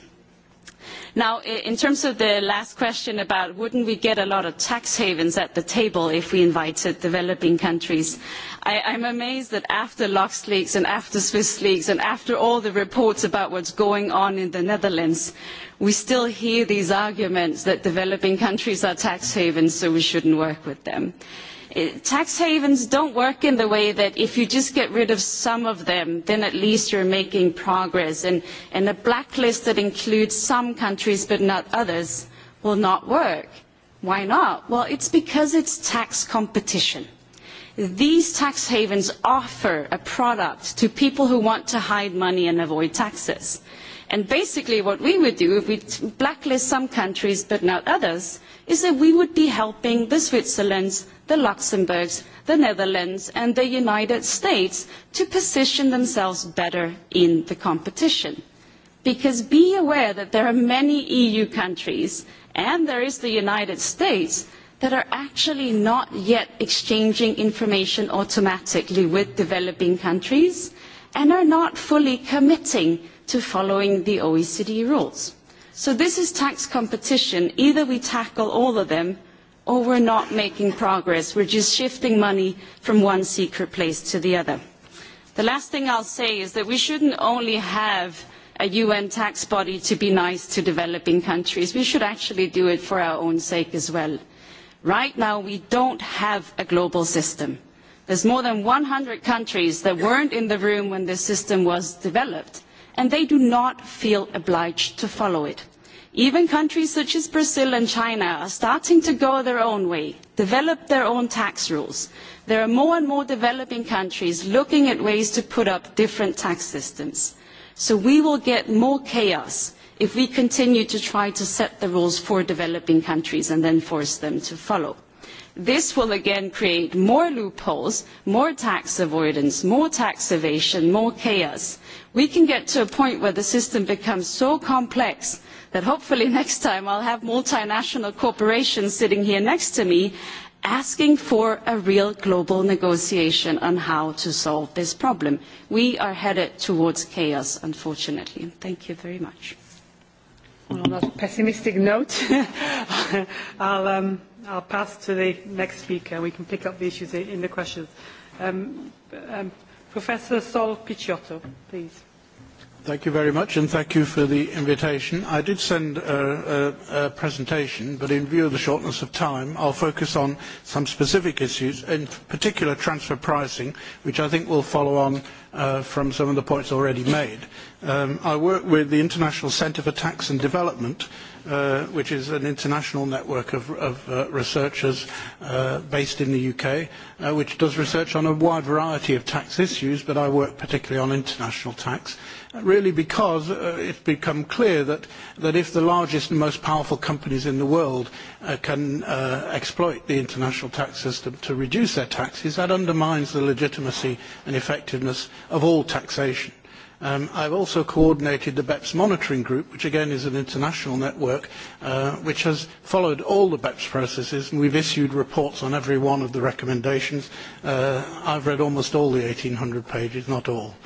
S12: Now, in terms of the last question about wouldn't we get a lot of tax havens at the table if we invited developing countries, I, I'm amazed that after LuxLeaks and after SwissLeaks and after all the reports about what's going on in the Netherlands, we still hear these arguments that developing countries are tax havens, so we shouldn't work with them. Eh, tax havens don't work in the way that if you just get rid of some of them, then at least you're making progress. And, and a blacklist that includes some countries but not others will not work. Why not? Well, it's because it's tax competition. These tax havens offer a product to people who want to hide money and avoid taxes. And basically, what we would do if we blacklist some countries but not others is that we would be helping the Switzerlands, the Luxembourgs, the Netherlands, and the United States to position themselves better in the competition. Because be aware that there are many EU countries, and there is the United States, that are actually not yet exchanging information automatically with developing countries and are not fully committing to following the OECD rules. So this is tax competition. Either we tackle all of them or we're not making progress. We're just shifting money from one secret place to the other. The last thing I'll say is that we shouldn't only have a UN tax body to be nice to developing countries. We should actually do it for our own sake as well. Right now, we don't have a global system. There's more than 100 countries that weren't in the room when this system was developed and they do not feel obliged to follow it. Even countries such as Brazil and China are starting to go their own way, develop their own tax rules. There are more and more developing countries looking at ways to put up different tax systems. So we will get more chaos if we continue to try to set the rules for developing countries and then force them to follow. This will again create more loopholes, more tax avoidance, more tax evasion, more chaos. We can get to a point where the system becomes so complex that hopefully next time I'll have multinational corporations sitting here next to me asking for a real global negotiation on how to solve this problem. We are headed towards chaos, unfortunately. Thank you very much.
S2: On that pessimistic note, I'll, um, I'll pass to the next speaker. We can pick up the issues in the questions. Um, um, Professor Sol Picciotto, please.
S13: Thank you very much, and thank you for the invitation. I did send a, a, a presentation, but in view of the shortness of time, I'll focus on some specific issues, in particular transfer pricing, which I think will follow on uh, from some of the points already made. Um, I work with the International Centre for Tax and Development, uh, which is an international network of, of uh, researchers uh, based in the UK, uh, which does research on a wide variety of tax issues, but I work particularly on international tax really because uh, it's become clear that, that if the largest and most powerful companies in the world uh, can uh, exploit the international tax system to reduce their taxes, that undermines the legitimacy and effectiveness of all taxation. Um, I've also coordinated the BEPS monitoring group, which again is an international network, uh, which has followed all the BEPS processes, and we've issued reports on every one of the recommendations. Uh, I've read almost all the 1,800 pages, not all.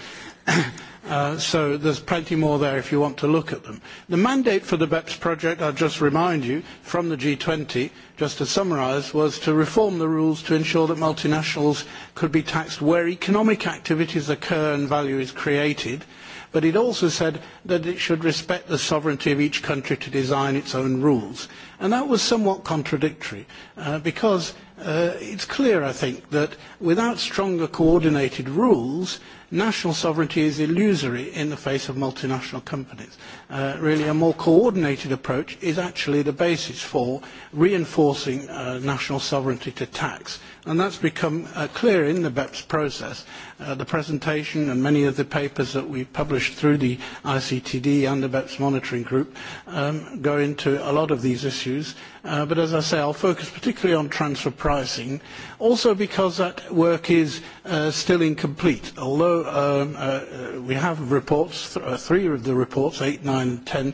S13: Uh, so there's plenty more there if you want to look at them. The mandate for the BEPS project, I'll just remind you, from the G20, just to summarise, was to reform the rules to ensure that multinationals could be taxed where economic activities occur and value is created. But it also said that it should respect the sovereignty of each country to design its own rules. And that was somewhat contradictory, uh, because uh, it's clear, I think, that without stronger coordinated rules, national sovereignty is illusory in the face of multinational companies. Uh, really, a more coordinated approach is actually the basis for reinforcing uh, national sovereignty to tax. And that's become uh, clear in the BEPS process. Uh, the presentation and many of the papers that we've published through the ICTD and the BEPS monitoring group um, go into a lot of these issues. Uh, but as I say, I'll focus particularly on transfer pricing, also because that work is uh, still incomplete. Although um, uh, we have reports, three of the reports, eight, nine, and 10,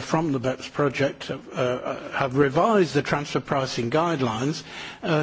S13: from the BEPS project have revised the transfer pricing guidelines.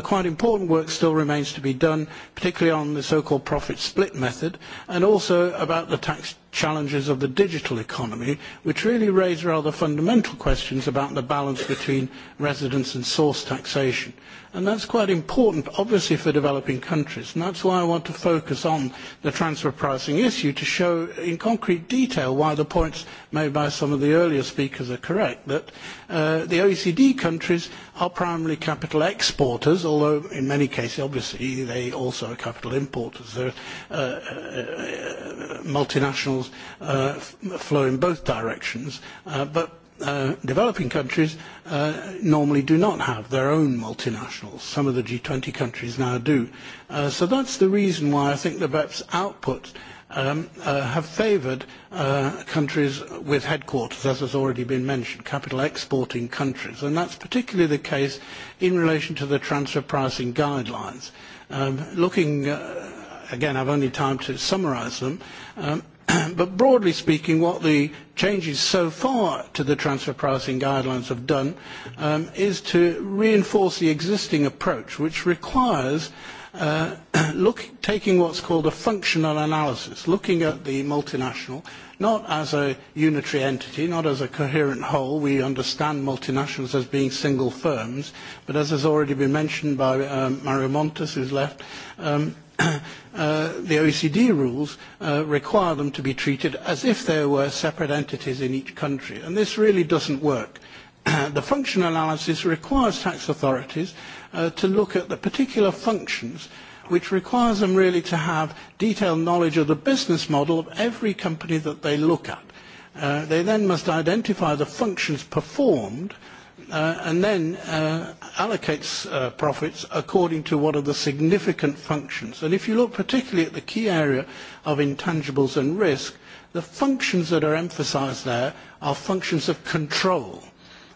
S13: Quite important work still remains to be done, particularly on the so-called profit split method, and also about the tax challenges of the digital economy, which really raise rather fundamental questions about the balance between residence and source taxation. And that's quite important, obviously, for developing countries. And that's why I want to focus on the transfer pricing issue to show in concrete detail why the points made by some of the earlier speakers are correct, that uh, the OECD countries are primarily capital exporters, although in many cases, obviously, they also are capital importers. There are uh, uh, multinationals uh, f flow in both directions, uh, but uh, developing countries uh, normally do not have their own multinationals. Some of the G20 countries now do. Uh, so that's the reason why I think the BEPS output uh, um, uh, have favoured uh, countries with headquarters, as has already been mentioned, capital exporting countries. And that's particularly the case in relation to the transfer pricing guidelines. Um, looking, uh, again, I've only time to summarise them, um, but broadly speaking, what the changes so far to the transfer pricing guidelines have done um, is to reinforce the existing approach, which requires Uh, look, taking what's called a functional analysis, looking at the multinational, not as a unitary entity, not as a coherent whole. We understand multinationals as being single firms, but as has already been mentioned by um, Mario Montes, who's left, um, uh, the OECD rules uh, require them to be treated as if there were separate entities in each country. And this really doesn't work. the functional analysis requires tax authorities Uh, to look at the particular functions which requires them really to have detailed knowledge of the business model of every company that they look at. Uh, they then must identify the functions performed uh, and then uh, allocate uh, profits according to what are the significant functions. And if you look particularly at the key area of intangibles and risk, the functions that are emphasized there are functions of control.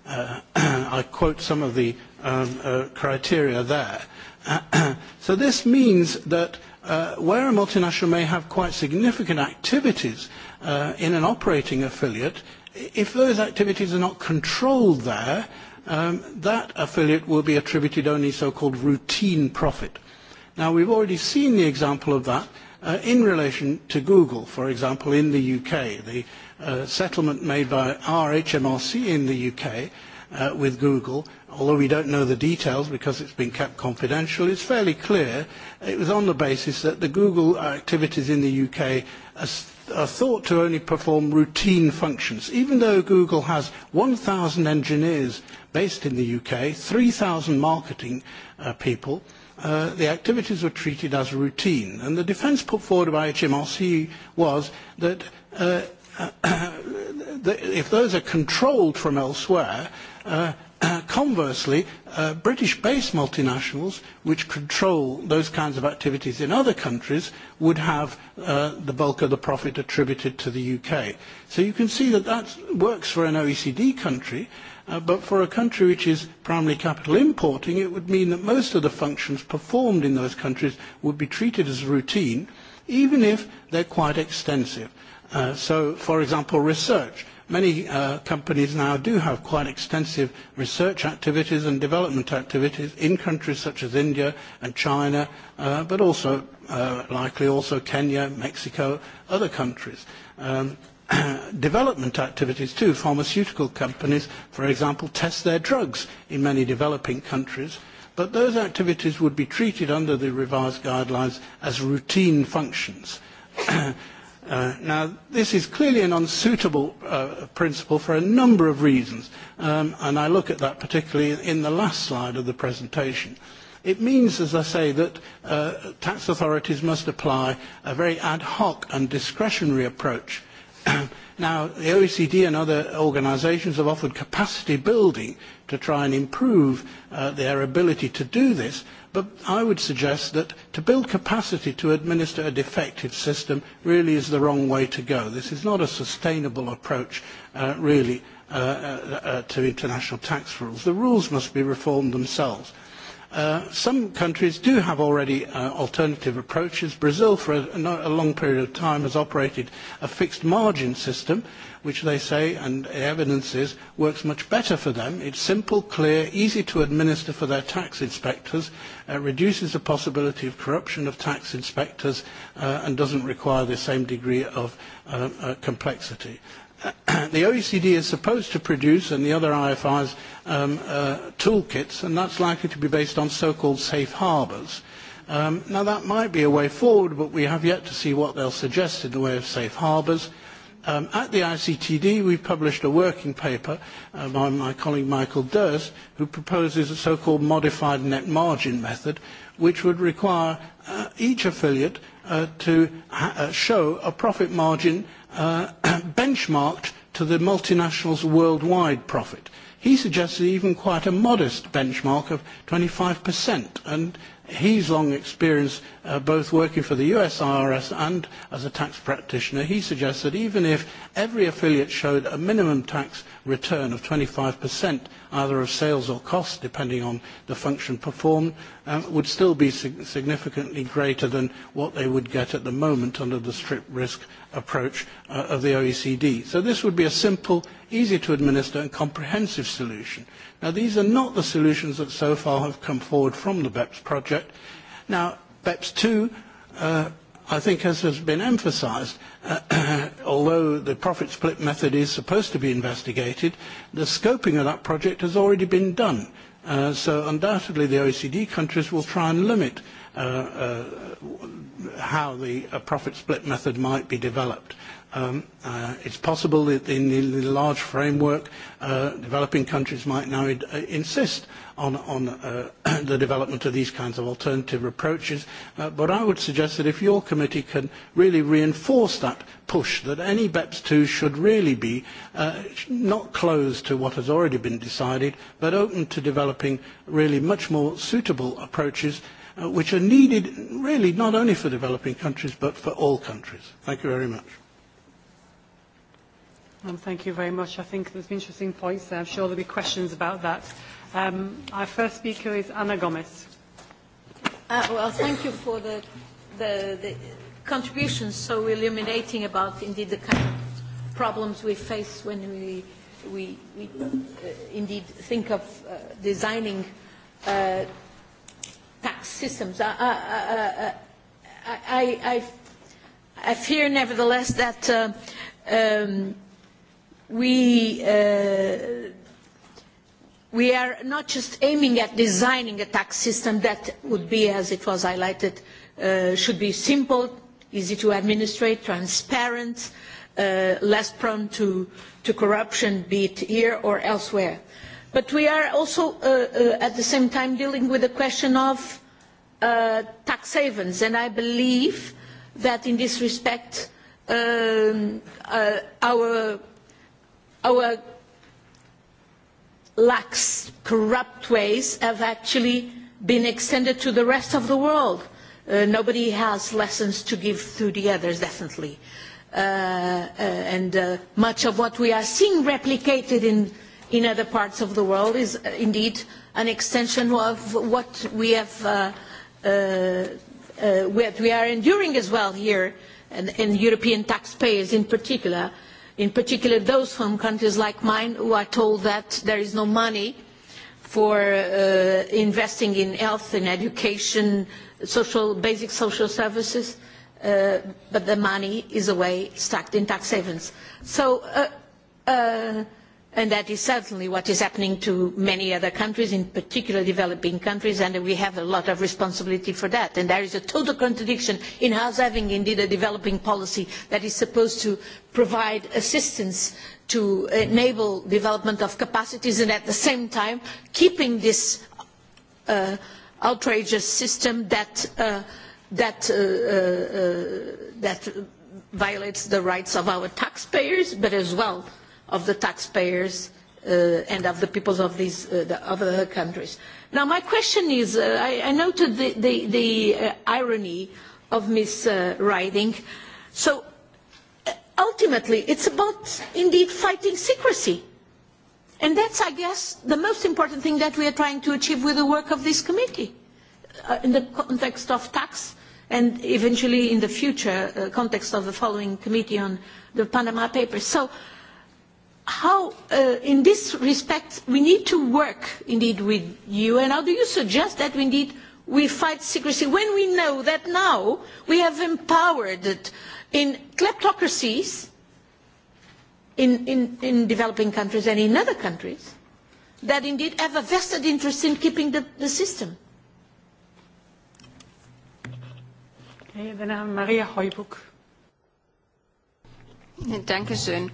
S13: Uh, I quote some of the um, uh, criteria there. so this means that uh, where a multinational may have quite significant activities uh, in an operating affiliate, if those activities are not controlled there, um, that affiliate will be attributed only so-called routine profit. Now we've already seen the example of that uh, in relation to Google, for example, in the UK. The uh, settlement made by RHMRC in the UK uh, with Google although we don't know the details because it's been kept confidential, it's fairly clear it was on the basis that the Google activities in the UK are thought to only perform routine functions. Even though Google has 1,000 engineers based in the UK, 3,000 marketing uh, people, uh, the activities were treated as routine. And the defense put forward by HMRC was that, uh, that if those are controlled from elsewhere, uh, Uh, conversely, uh, British-based multinationals, which control those kinds of activities in other countries, would have uh, the bulk of the profit attributed to the UK. So you can see that that works for an OECD country, uh, but for a country which is primarily capital importing, it would mean that most of the functions performed in those countries would be treated as routine, even if they're quite extensive. Uh, so, for example, research many uh, companies now do have quite extensive research activities and development activities in countries such as India and China, uh, but also uh, likely also Kenya, Mexico, other countries. Um, development activities too. Pharmaceutical companies, for example, test their drugs in many developing countries. But those activities would be treated under the revised guidelines as routine functions. Uh, Uh, now, this is clearly an unsuitable uh, principle for a number of reasons, um, and I look at that particularly in the last slide of the presentation. It means, as I say, that uh, tax authorities must apply a very ad hoc and discretionary approach Now, the OECD and other organizations have offered capacity building to try and improve uh, their ability to do this, but I would suggest that to build capacity to administer a defective system really is the wrong way to go. This is not a sustainable approach, uh, really, uh, uh, uh to international tax rules. The rules must be reformed themselves. Uh, some countries do have already uh, alternative approaches. Brazil, for a, not a long period of time, has operated a fixed margin system, which they say, and the evidence is, works much better for them. It's simple, clear, easy to administer for their tax inspectors, uh, reduces the possibility of corruption of tax inspectors, uh, and doesn't require the same degree of uh, uh, complexity. the OECD is supposed to produce, and the other IFIs um, uh, toolkits, and that's likely to be based on so-called safe harbours. Um, now, that might be a way forward, but we have yet to see what they'll suggest in the way of safe harbours. Um, at the ICTD, we've published a working paper uh, by my colleague Michael Durst, who proposes a so-called modified net margin method, which would require uh, each affiliate uh, to ha- uh, show a profit margin uh, benchmarked to the multinationals' worldwide profit. Uh, he suggested even quite a modest benchmark of 25%. And he's long experienced uh, both working for the US IRS and as a tax practitioner. He suggests that even if every affiliate showed a minimum tax return of either of sales or cost, depending on the function performed, um, would still be significantly greater than what they would get at the moment under the strict risk approach uh, of the OECD. This would be a simple, easy to administer, and comprehensive solution. These are not the solutions that so far have come forward from the BEPS project. BEPS 2 I think, as has been emphasised, uh, although the profit split method is supposed to be investigated, the scoping of that project has already been done. Uh, so undoubtedly, the OECD countries will try and limit uh, uh, how the uh, profit split method might be developed. Um, uh, it's possible that in the large framework, uh, developing countries might now ad- uh, insist on, on uh, the development of these kinds of alternative approaches. Uh, but I would suggest that if your committee can really reinforce that push, that any BEPS 2 should really be uh, not closed to what has already been decided, but open to developing really much more suitable approaches, uh, which are needed really not only for developing countries, but for all countries. Thank you very much.
S2: Um, thank you very much. I think there's been interesting points there. I'm sure there'll be questions about that. Um, our first speaker is Anna Gomez.
S14: Uh, well, thank you for the, the, the contributions so illuminating about indeed the kind of problems we face when we, we, we uh, indeed think of uh, designing uh, tax systems. I, I, I, I, I, I fear nevertheless that uh, um, Uh, we are not just aiming at designing a tax system that would be, as it was highlighted, uh, should be simple, easy to administrate, transparent, uh, less prone to, to corruption, be it here or elsewhere. But we are also, uh, uh, at the same time, dealing with the question of uh, tax havens, and I believe that in this respect, um, uh, our our lax, corrupt ways have actually been extended to the rest of the world. Uh, nobody has lessons to give to the others, definitely. Uh, uh, and uh, much of what we are seeing replicated in, in other parts of the world is uh, indeed an extension of what we, have, uh, uh, uh, what we are enduring as well here, and, and European taxpayers in particular, uh, in particular those from countries like mine who are told that there is no money for uh, investing in health and education, social, basic social services, uh, but the money is away stacked in tax havens. So uh, uh, and that is certainly what is happening to many other countries in particular developing countries and we have a lot of responsibility for that and there is a total contradiction in us having indeed a developing policy that is supposed to provide assistance to enable development of capacities and at the same time keeping this uh, outrageous system that uh, that uh, uh, uh that violates the rights of our taxpayers but as well of the taxpayers uh, and of the peoples of these uh, the other countries. Now, my question is, uh, I, I noted the, the, the uh, irony of Ms. Uh, Riding. So, uh, ultimately, it's about, indeed, fighting secrecy. And that's, I guess, the most important thing that we are trying to achieve with the work of this committee uh, in the context of tax and eventually in the future uh, context of the following committee on the Panama Papers. So, uh, how, uh, in this respect, we need to work indeed with you, and how do you suggest that we indeed we fight secrecy when we know that now we have empowered it in kleptocracies in, in, in developing countries and in other countries that indeed have a vested interest in keeping the, the system?
S15: Okay, then I'm uh, Maria Heubuck. Thank ja, you.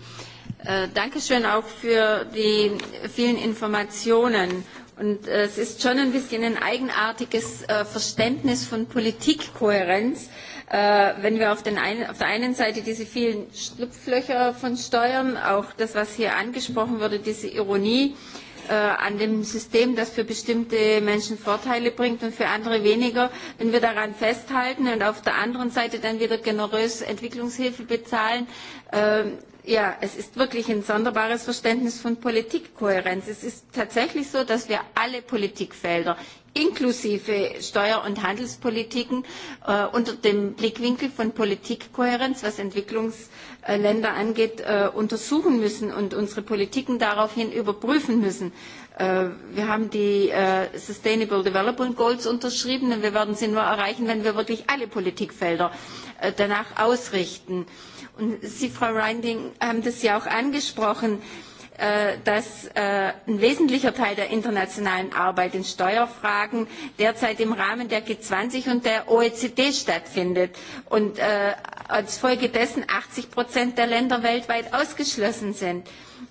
S15: Äh, Dankeschön auch für die vielen Informationen. Und äh, es ist schon ein bisschen ein eigenartiges äh, Verständnis von Politikkohärenz, äh, wenn wir auf, den ein, auf der einen Seite diese vielen Schlupflöcher von Steuern, auch das, was hier angesprochen wurde, diese Ironie, äh, äh, an dem System, das für bestimmte Menschen Vorteile bringt und für andere weniger, wenn wir daran festhalten und auf der anderen Seite dann wieder generös Entwicklungshilfe bezahlen. Äh, ja, es ist wirklich ein sonderbares Verständnis von Politikkohärenz. Es ist tatsächlich so, dass wir alle Politikfelder, inklusive Steuer- und Handelspolitiken äh, unter dem Blickwinkel von Politikkohärenz, was Entwicklungsländer angeht, äh, untersuchen müssen und unsere Politiken daraufhin überprüfen müssen. Äh, wir haben die äh, Sustainable Development Goals unterschrieben und wir werden sie nur erreichen, wenn wir wirklich alle Politikfelder äh, danach ausrichten. Und Sie, Frau Reinding, haben das ja auch angesprochen. Äh, dass äh, ein wesentlicher Teil der internationalen Arbeit in Steuerfragen derzeit im Rahmen der G20 und der OECD stattfindet und äh, als Folge dessen 80 Prozent der Länder weltweit ausgeschlossen sind.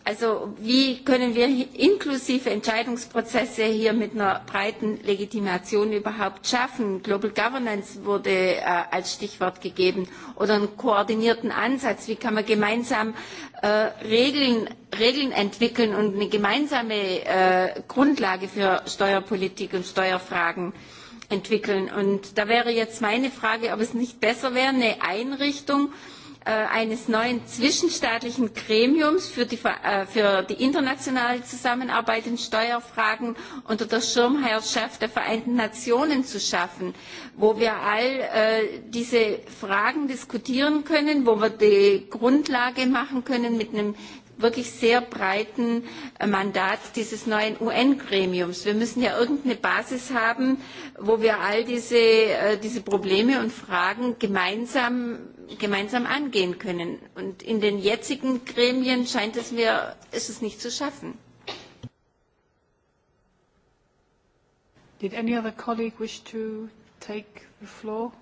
S15: Also wie können wir inklusive Entscheidungsprozesse hier mit einer breiten Legitimation überhaupt schaffen? Global Governance wurde äh, als Stichwort gegeben oder einen koordinierten Ansatz. Wie kann man gemeinsam äh, Regeln, Regeln entwickeln und eine gemeinsame äh, Grundlage für Steuerpolitik und Steuerfragen entwickeln? Und da wäre jetzt meine Frage, ob es nicht besser wäre, eine Einrichtung, Äh, eines neuen zwischenstaatlichen Gremiums für die, äh, für die internationale Zusammenarbeit in Steuerfragen unter der Schirmherrschaft der Vereinten Nationen zu schaffen, wo wir all äh, diese Fragen diskutieren können, wo wir die Grundlage machen können mit einem wirklich sehr breiten äh, Mandat dieses neuen UN-Gremiums. Wir müssen ja irgendeine Basis haben, wo wir all diese, äh, diese Probleme und Fragen gemeinsam, gemeinsam angehen können. Und in den jetzigen Gremien scheint es mir, ist es nicht zu schaffen.
S2: Did any other colleague wish to take the floor?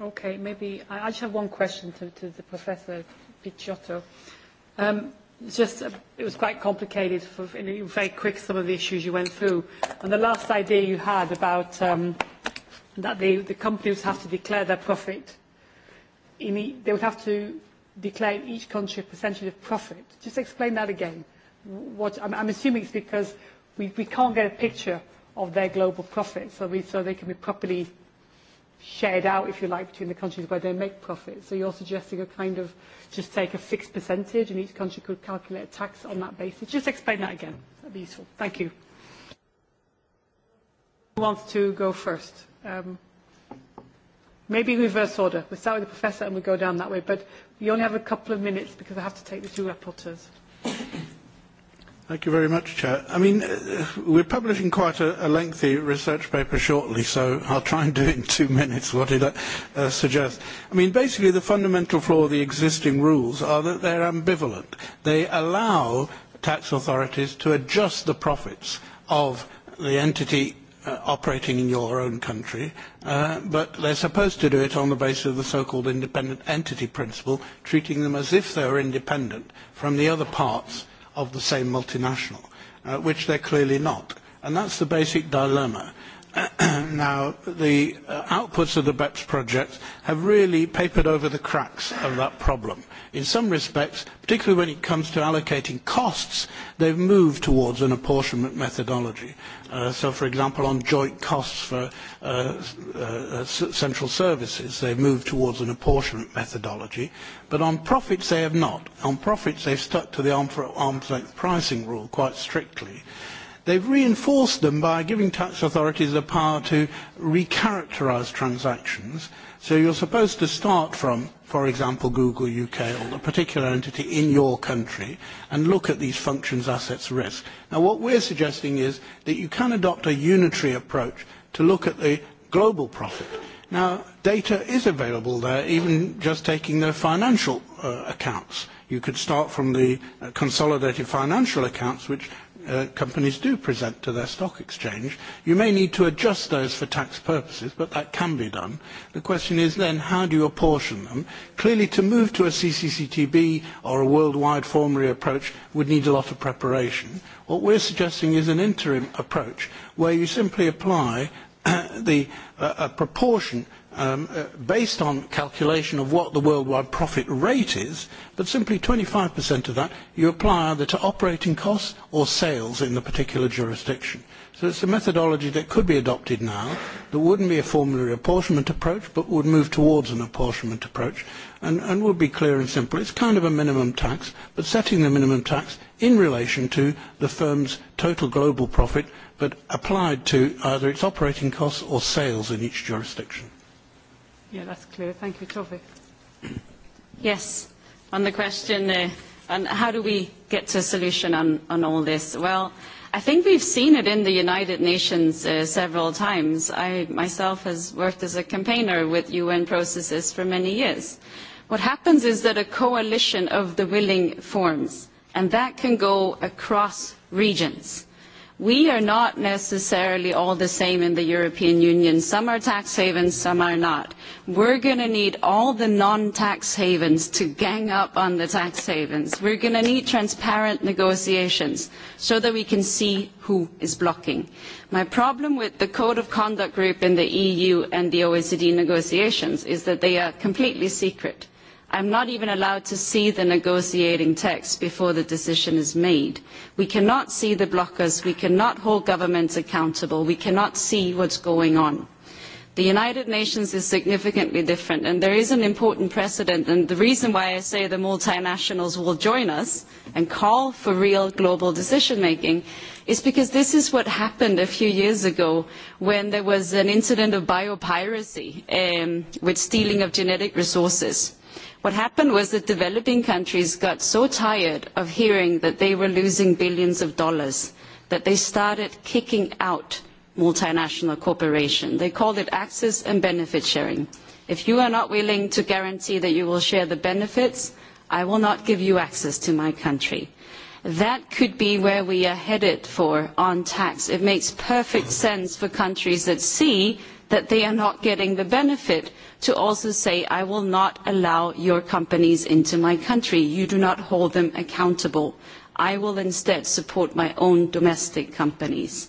S2: Okay, maybe I, I just have one question to, to the professor. Picciotto. Um, just, uh, it was quite complicated for, and you were very quick, some of the issues you went through. On the last idea you had about um, that the companies have to declare their profit, they would have to declare in each country a percentage of profit. Just explain that again. What... I'm assuming it's because we can't get a picture of their global profit, so they can be properly shared out, if you like, between the countries where they make profit. So you're suggesting a kind of just take a fixed percentage and each country could calculate a tax on that basis. Just explain that again. That'd be useful. Thank you. Who wants to go first? Um, maybe in reverse order. We start with the professor and we go down that way. But you only have a couple of minutes because I have to take the two rapporteurs.
S13: Thank you very much, Chair. I mean, uh, we're publishing quite a, a lengthy research paper shortly, so I'll try and do in two minutes what it uh, suggests. I mean, basically, the fundamental flaw of the existing rules are that they're ambivalent. They allow tax authorities to adjust the profits of the entity uh, operating in your own country, uh, but they're supposed to do it on the basis of the so-called independent entity principle, treating them as if they're independent from the other parts of the same multinational, uh, which they're clearly not. And that's the basic dilemma percent now, the uh, outputs of the BEPS project have really papered over the cracks of that problem. In some respects, particularly when it comes to allocating costs, they've moved towards an apportionment methodology. Uh, so, for example, on joint costs for uh, uh, s- central services, they've moved towards an apportionment methodology. But on profits, they have not. On profits, they've stuck to the arm- arm's length pricing rule quite strictly. They've reinforced them by giving tax authorities the power to recharacterize transactions. So you're supposed to start from, for example, Google UK or the particular entity in your country and look at these functions, assets, risk. Now, what we're suggesting is that you can adopt a unitary approach to look at the global profit. Now, data is available there, even just taking their financial uh, accounts. You could start from the uh, consolidated financial accounts, which uh, companies do present to their stock exchange. You may need to adjust those for tax purposes, but that can be done. The question is then, how do you apportion them? Clearly, to move to a CCCTB or a worldwide formulary approach would need a lot of preparation. What we're suggesting is an interim approach where you simply apply the, uh, a proportion um, uh, based on calculation of what the worldwide profit rate is, but simply 25% of that you apply either to operating costs or sales in the particular jurisdiction. So it's a methodology that could be adopted now that wouldn't be a formulary apportionment approach, but would move towards an apportionment approach and, and would be clear and simple. It's kind of a minimum tax, but setting the minimum tax in relation to the firm's total global profit, but applied to either its operating costs or sales in each jurisdiction.
S12: Yeah, that's clear. Thank you. Toby? Yes. On the question, uh, on how do we get to a solution on, on all this? Well, I think we've seen it in the United Nations uh, several times. I myself has worked as a campaigner with UN processes for many years. What happens is that a coalition of the willing forms, and that can go across regions. We are not necessarily all the same in the European Union. Some are tax havens, some are not. We're going to need all the non-tax havens to gang up on the tax havens. We're going to need transparent negotiations so that we can see who is blocking. My problem with the code of conduct group in the EU and the OECD negotiations is that they are completely secret. I'm not even allowed to see the negotiating text before the decision is made. We cannot see the blockers. We cannot hold governments accountable. We cannot see what's going on. The United Nations is significantly different, and there is an important precedent. And the reason why I say the multinationals will join us and call for real global decision making is because this is what happened a few years ago when there was an incident of biopiracy um, with stealing of genetic resources. What happened was that developing countries got so tired of hearing that they were losing billions of dollars that they started kicking out multinational cooperation. They called it access and benefit sharing. If you are not willing to guarantee that you will share the benefits, I will not give you access to my country that could be where we are headed for on tax. It makes perfect sense for countries that see that they are not getting the benefit to also say, I will not allow your companies into my country. You do not hold them accountable. I will instead support my own domestic companies.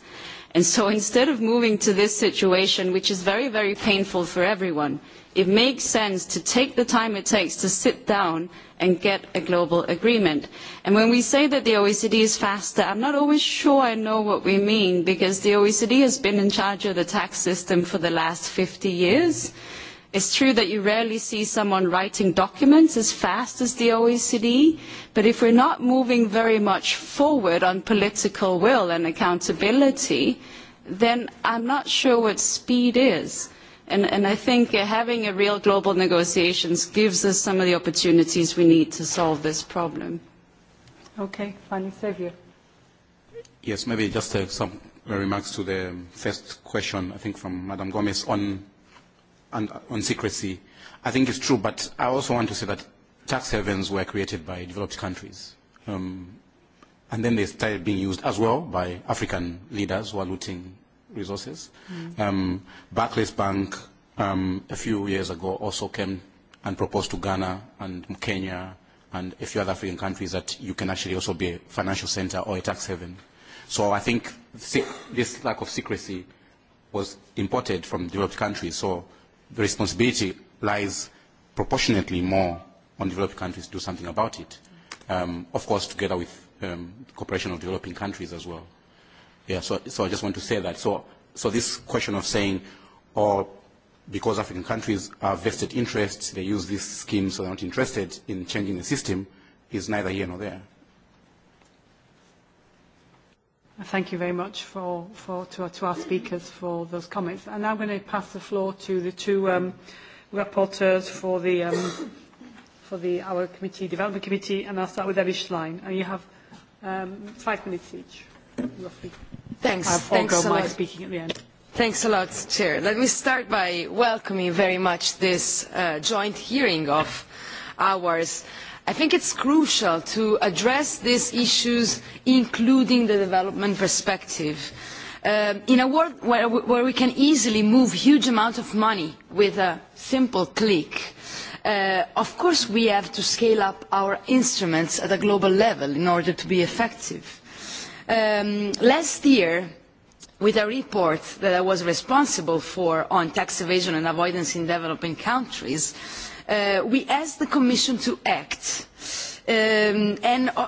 S12: And so instead of moving to this situation, which is very, very painful for everyone, it makes sense to take the time it takes to sit down and get a global agreement. And when we say that the OECD is faster, I'm not always sure I know what we mean, because the OECD has been in charge of the tax system for the last 50 years. Mm-hmm. It's true that you rarely see someone writing documents as fast as the OECD, but if we're not moving very much forward on political will and accountability, then I'm not sure what speed is. And, and I think having a real global negotiations gives us some of the opportunities we need to solve this problem.
S2: Okay, finally, Sergio.
S11: Yes, maybe just uh, some remarks to the first question, I think from Madam Gomez, on and on secrecy. I think it's true, but I also want to say that tax havens were created by developed countries. Um, and then they started being used as well by African leaders who are looting resources. Mm. Um, Barclays Bank um, a few years ago also came and proposed to Ghana and Kenya and a few other African countries that you can actually also be a financial center or a tax haven. So I think this lack of secrecy was imported from developed countries. So the responsibility lies proportionately more on developed countries to do something about it. Um, of course, together with um, the cooperation of developing countries as well. Yeah, so, so I just want to say that. So, so this question of saying, or oh, because African countries are vested interests, they use this scheme so they're not interested in changing the system, is neither here nor there.
S2: Thank you very much for, for, to, our, to our speakers for those comments. I'm now going to pass the floor to the two um, rapporteurs for, the, um, for the, our committee, development committee, and I'll start with
S9: Evie Schlein. And you have
S2: um, five minutes each, roughly. Thanks. I'll forego my lot. speaking at the end.
S9: Thanks a lot, Chair. Let me start by welcoming very much this uh, joint hearing of ours. I think it's crucial to address these issues, including the development perspective. Um, in a world where, where we can easily move huge amounts of money with a simple click, uh, of course we have to scale up our instruments at a global level in order to be effective. Um, last year, with a report that I was responsible for on tax evasion and avoidance in developing countries, uh, Uh, we asked the commission to act um, and uh,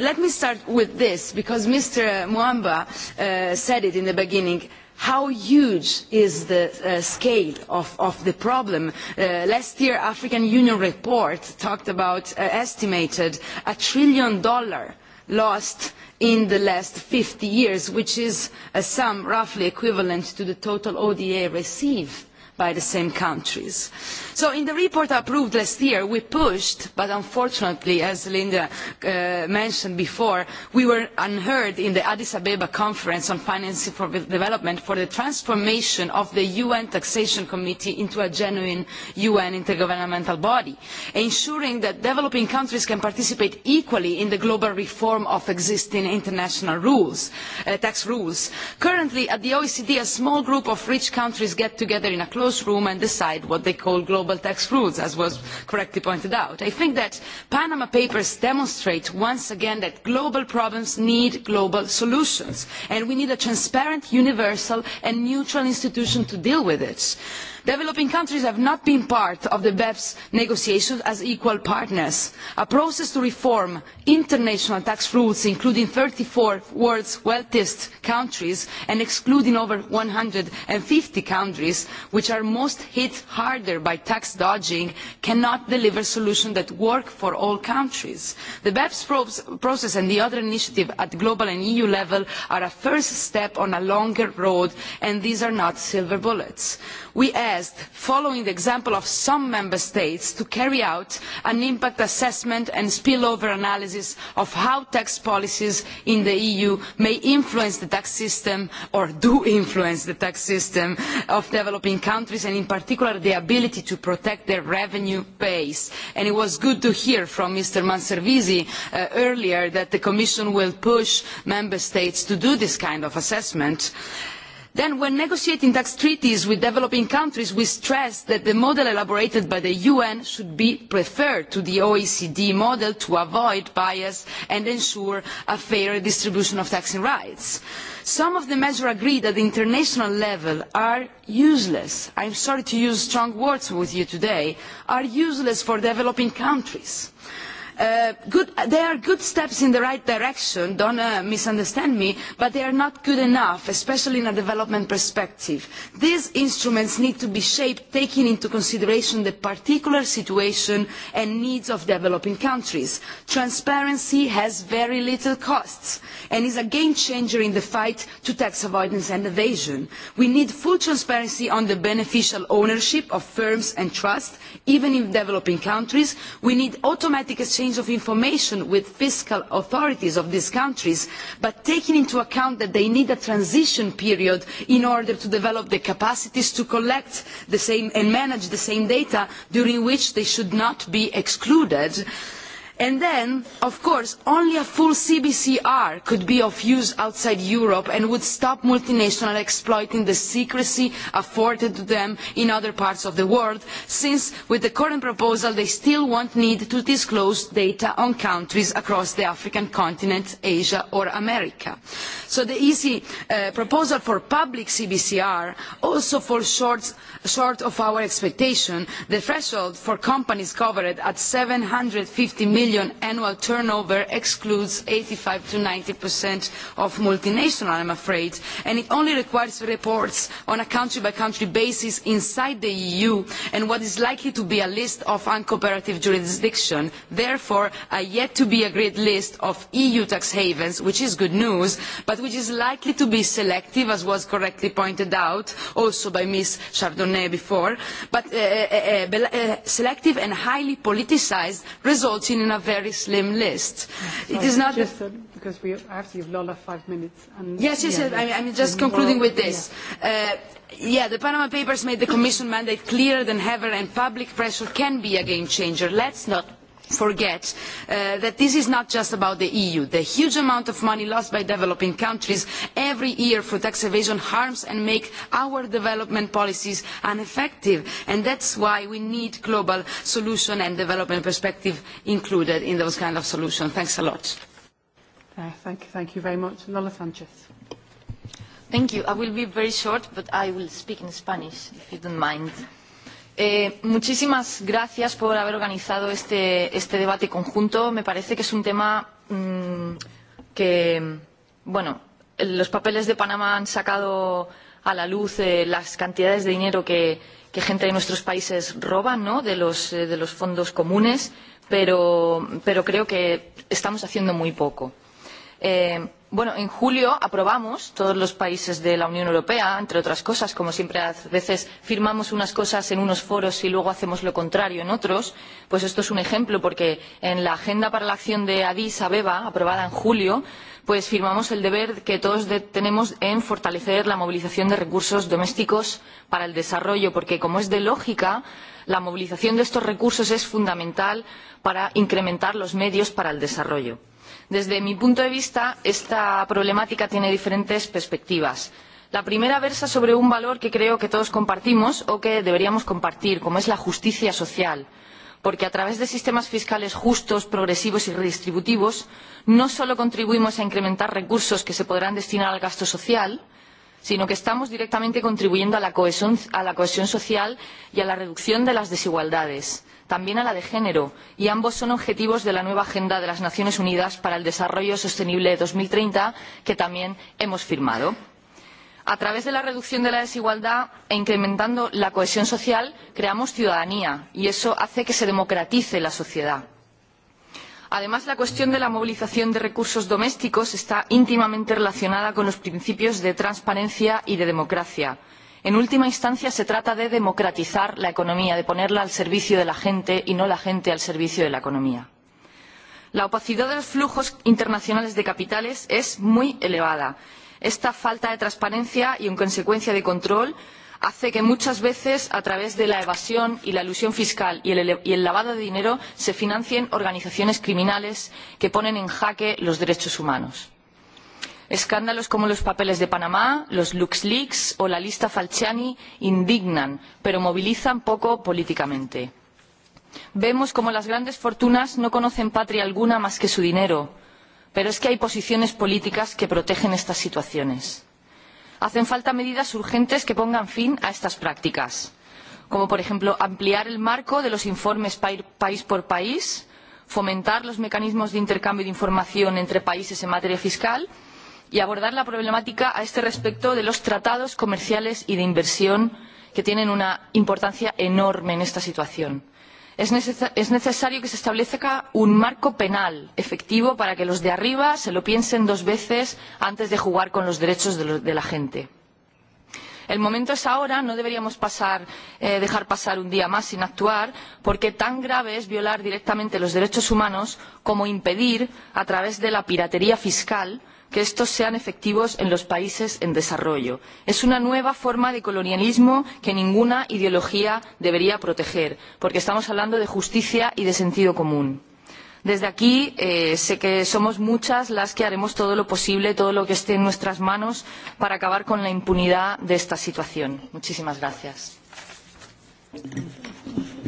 S9: let me start with this because mr muamba uh, said it in the beginning how huge is the uh, scale of, of the problem? Uh, last year, African Union report talked about uh, estimated a trillion dollar lost in the last 50 years, which is a sum roughly equivalent to the total ODA received by the same countries. so in the report approved last year we pushed but unfortunately as linda uh, mentioned before we were unheard in the addis ababa conference on financing for development for the transformation of the un taxation committee into a genuine un intergovernmental body ensuring that developing countries can participate equally in the global reform of existing international rules, uh, tax rules. currently at the oecd a small group of rich countries get together in a close enormous room and decide what they call global tax rules as was correctly pointed out. i think that panama papers demonstrate once again that global problems need global solutions and we need a transparent universal and neutral institution to deal with it. Developing countries have not been part of the BEPS negotiations as equal partners. A process to reform international tax rules, including 34 world's wealthiest countries and excluding over 150 countries, which are most hit harder by tax dodging cannot deliver solutions that work for all countries. The BEPS process and the other initiatives at global and EU level are a first step on a longer road, and these are not silver bullets. We asked, following the example of some member states, to carry out an impact assessment and spillover analysis of how tax policies in the EU may influence the tax system, or do influence the tax system, of developing countries countries and in particular the ability to protect their revenue base. And it was good to hear from Mr. Manservisi uh, earlier that the Commission will push member states to do this kind of assessment. Uh, then when negotiating tax treaties with developing countries we stress that the model elaborated by the un should be preferred to the oecd model to avoid bias and ensure a fair distribution of taxing rights. some of the measures agreed at the international level are useless i am sorry to use strong words with you today for developing countries. Uh, they are good steps in the right direction do not uh, misunderstand me but they are not good enough especially in a development perspective. these instruments need to be shaped taking into consideration the particular situation and needs of developing countries. transparency has very little cost and is a game changer in the fight to tax avoidance and evasion. we need full transparency on the beneficial ownership of firms and trusts even in developing countries. we need automatic exchange of information with fiscal authorities of these countries, but taking into account that they need a transition period in order to develop the capacities to collect the same and manage the same data during which they should not be excluded. Uh, And then, of course, only a full CBCR could be of use outside Europe and would stop multinationals exploiting the secrecy afforded to them in other parts of the world, since with the current proposal they still won't need to disclose data on countries across the African continent, Asia or America. So the easy uh, proposal for public CBCR also falls short, short of our expectation. The threshold for companies covered at 750 million billion annual turnover excludes 85% to 90% of multinational, I'm afraid, and it only requires reports on a country-by-country basis inside the EU and what is likely to be a list of uncooperative jurisdiction. Therefore, a yet-to-be-agreed list of EU tax havens, which is good news, but which is likely to be selective, as was correctly pointed out also by Ms. Chardonnay before, but uh, uh, uh, selective and highly politicized, resulting in a very slim list.
S2: Sorry, it is not just a, uh, because we have to give Lola five minutes. And yes, yes, yeah, yes. I'm, I'm just concluding with
S9: this. Yeah. Uh, yeah, the Panama Papers made the Commission mandate clearer than ever, and public pressure can be a game changer. Let's not forget uh, that this is not just about the eu the huge amount of money lost by developing countries every year for tax evasion harms and makes our development policies ineffective and that is why we need a global solution and development perspective included in those kind of solutions. thanks a lot.
S2: Uh, thank you, thank you very much. Lola Sanchez.
S9: Thank
S16: you. I will be very short, but I will speak in Spanish, if you don't mind. Eh, muchísimas gracias por haber organizado este, este debate conjunto. Me parece que es un tema mmm, que, bueno, los papeles de Panamá han sacado a la luz eh, las cantidades de dinero que, que gente de nuestros países roba ¿no? de, los, eh, de los fondos comunes, pero, pero creo que estamos haciendo muy poco. Eh, Bueno, en julio aprobamos todos los países de la Unión Europea, entre otras cosas, como siempre a veces firmamos unas cosas en unos foros y luego hacemos lo contrario en otros. Pues esto es un ejemplo, porque en la Agenda para la Acción de Addis Abeba, aprobada en julio, pues firmamos el deber que todos de tenemos en fortalecer la movilización de recursos domésticos para el desarrollo, porque como es de lógica, la movilización de estos recursos es fundamental para incrementar los medios para el desarrollo. Desde mi punto de vista, esta problemática tiene diferentes perspectivas. La primera versa sobre un valor que creo que todos compartimos o que deberíamos compartir, como es la justicia social, porque a través de sistemas fiscales justos, progresivos y redistributivos, no solo contribuimos a incrementar recursos que se podrán destinar al gasto social, sino que estamos directamente contribuyendo a la cohesión, a la cohesión social y a la reducción de las desigualdades también a la de género y ambos son objetivos de la nueva agenda de las naciones unidas para el desarrollo sostenible de dos mil treinta que también hemos firmado. a través de la reducción de la desigualdad e incrementando la cohesión social creamos ciudadanía y eso hace que se democratice la sociedad. además la cuestión de la movilización de recursos domésticos está íntimamente relacionada con los principios de transparencia y de democracia en última instancia se trata de democratizar la economía de ponerla al servicio de la gente y no la gente al servicio de la economía. la opacidad de los flujos internacionales de capitales es muy elevada. esta falta de transparencia y en consecuencia de control hace que muchas veces a través de la evasión y la elusión fiscal y el lavado de dinero se financien organizaciones criminales que ponen en jaque los derechos humanos escándalos como los papeles de Panamá, los LuxLeaks o la lista Falciani indignan, pero movilizan poco políticamente. Vemos como las grandes fortunas no conocen patria alguna más que su dinero, pero es que hay posiciones políticas que protegen estas situaciones. Hacen falta medidas urgentes que pongan fin a estas prácticas, como por ejemplo ampliar el marco de los informes país por país, fomentar los mecanismos de intercambio de información entre países en materia fiscal y abordar la problemática a este respecto de los tratados comerciales y de inversión que tienen una importancia enorme en esta situación. Es, neces es necesario que se establezca un marco penal efectivo para que los de arriba se lo piensen dos veces antes de jugar con los derechos de, lo de la gente. El momento es ahora, no deberíamos pasar, eh, dejar pasar un día más sin actuar, porque tan grave es violar directamente los derechos humanos como impedir, a través de la piratería fiscal, que estos sean efectivos en los países en desarrollo. Es una nueva forma de colonialismo que ninguna ideología debería proteger, porque estamos hablando de justicia y de sentido común. Desde aquí eh, sé que somos muchas las que haremos todo lo posible, todo lo que esté en nuestras manos, para acabar con la impunidad
S2: de esta situación. Muchísimas gracias.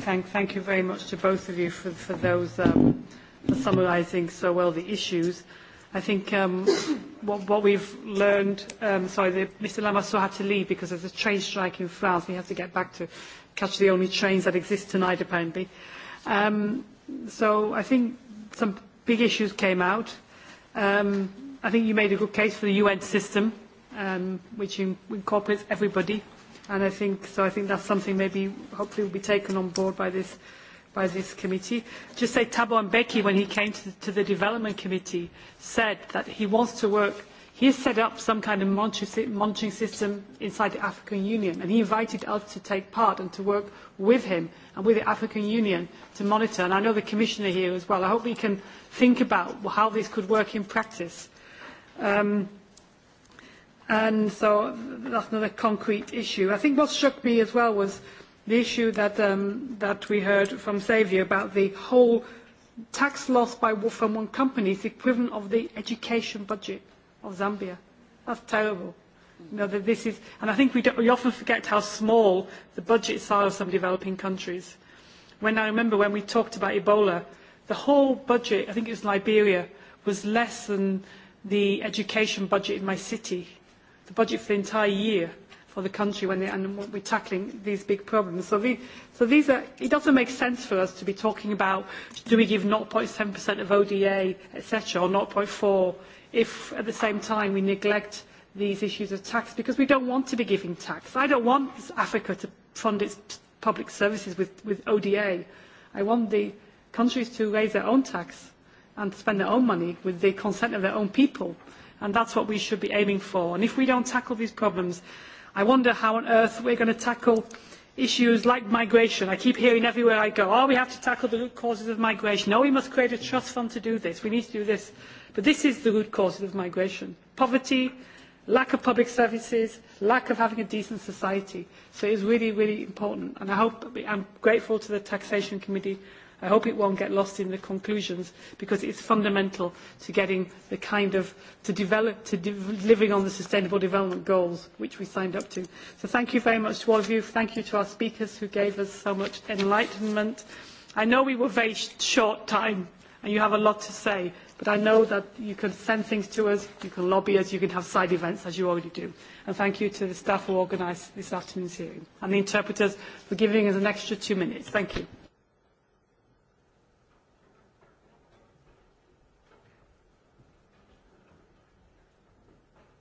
S2: Thank, thank you very much to both of you for, for those um, for summarising so well the issues. I think um what what we've learned um sorry the Mr Lamassoure had to leave because there's a train strike in France he has to get back to catch the only trains that exist tonight apparently um so I think some big issues came out um I think you made a good case for the UN system um which in, incorporates everybody and I think so I think that's something maybe hopefully will be taken on board by this by this committee. Just say Tabo Mbeki, when he came to the, to the development committee, said that he wants to work. He has set up some kind of monitoring system inside the African Union, and he invited us to take part and to work with him and with the African Union to monitor. And I know the commissioner here as well. I hope we can think about how this could work in practice. Um, and so that's another concrete issue. I think what struck me as well was the issue that um, that we heard from Xavier about the whole tax loss by from one company is the equivalent of the education budget of Zambia. That's terrible. You know, that this is, and I think we, don't, we often forget how small the budgets are of some developing countries. When I remember when we talked about Ebola, the whole budget, I think it was Liberia, was less than the education budget in my city, the budget for the entire year for the country when they, and when we're tackling these big problems. So, the, so these are, it doesn't make sense for us to be talking about do we give 0.7% of ODA, etc., or 0.4, if at the same time we neglect these issues of tax because we don't want to be giving tax. I don't want Africa to fund its public services with, with ODA. I want the countries to raise their own tax and spend their own money with the consent of their own people. And that's what we should be aiming for. And if we don't tackle these problems, I wonder how on earth we're going to tackle issues like migration. I keep hearing everywhere I go, oh, we have to tackle the root causes of migration. No, we must create a trust fund to do this. We need to do this. But this is the root causes of migration. Poverty, lack of public services, lack of having a decent society. So it is really, really important. And I hope, I'm grateful to the Taxation Committee I hope it won't get lost in the conclusions because it's fundamental to getting the kind of to develop to de- living on the sustainable development goals which we signed up to. So thank you very much to all of you. Thank you to our speakers who gave us so much enlightenment. I know we were very sh- short time and you have a lot to say, but I know that you can send things to us, you can lobby us, you can have side events as you already do. And thank you to the staff who organised this afternoon's hearing and the interpreters for giving us an extra two minutes. Thank you.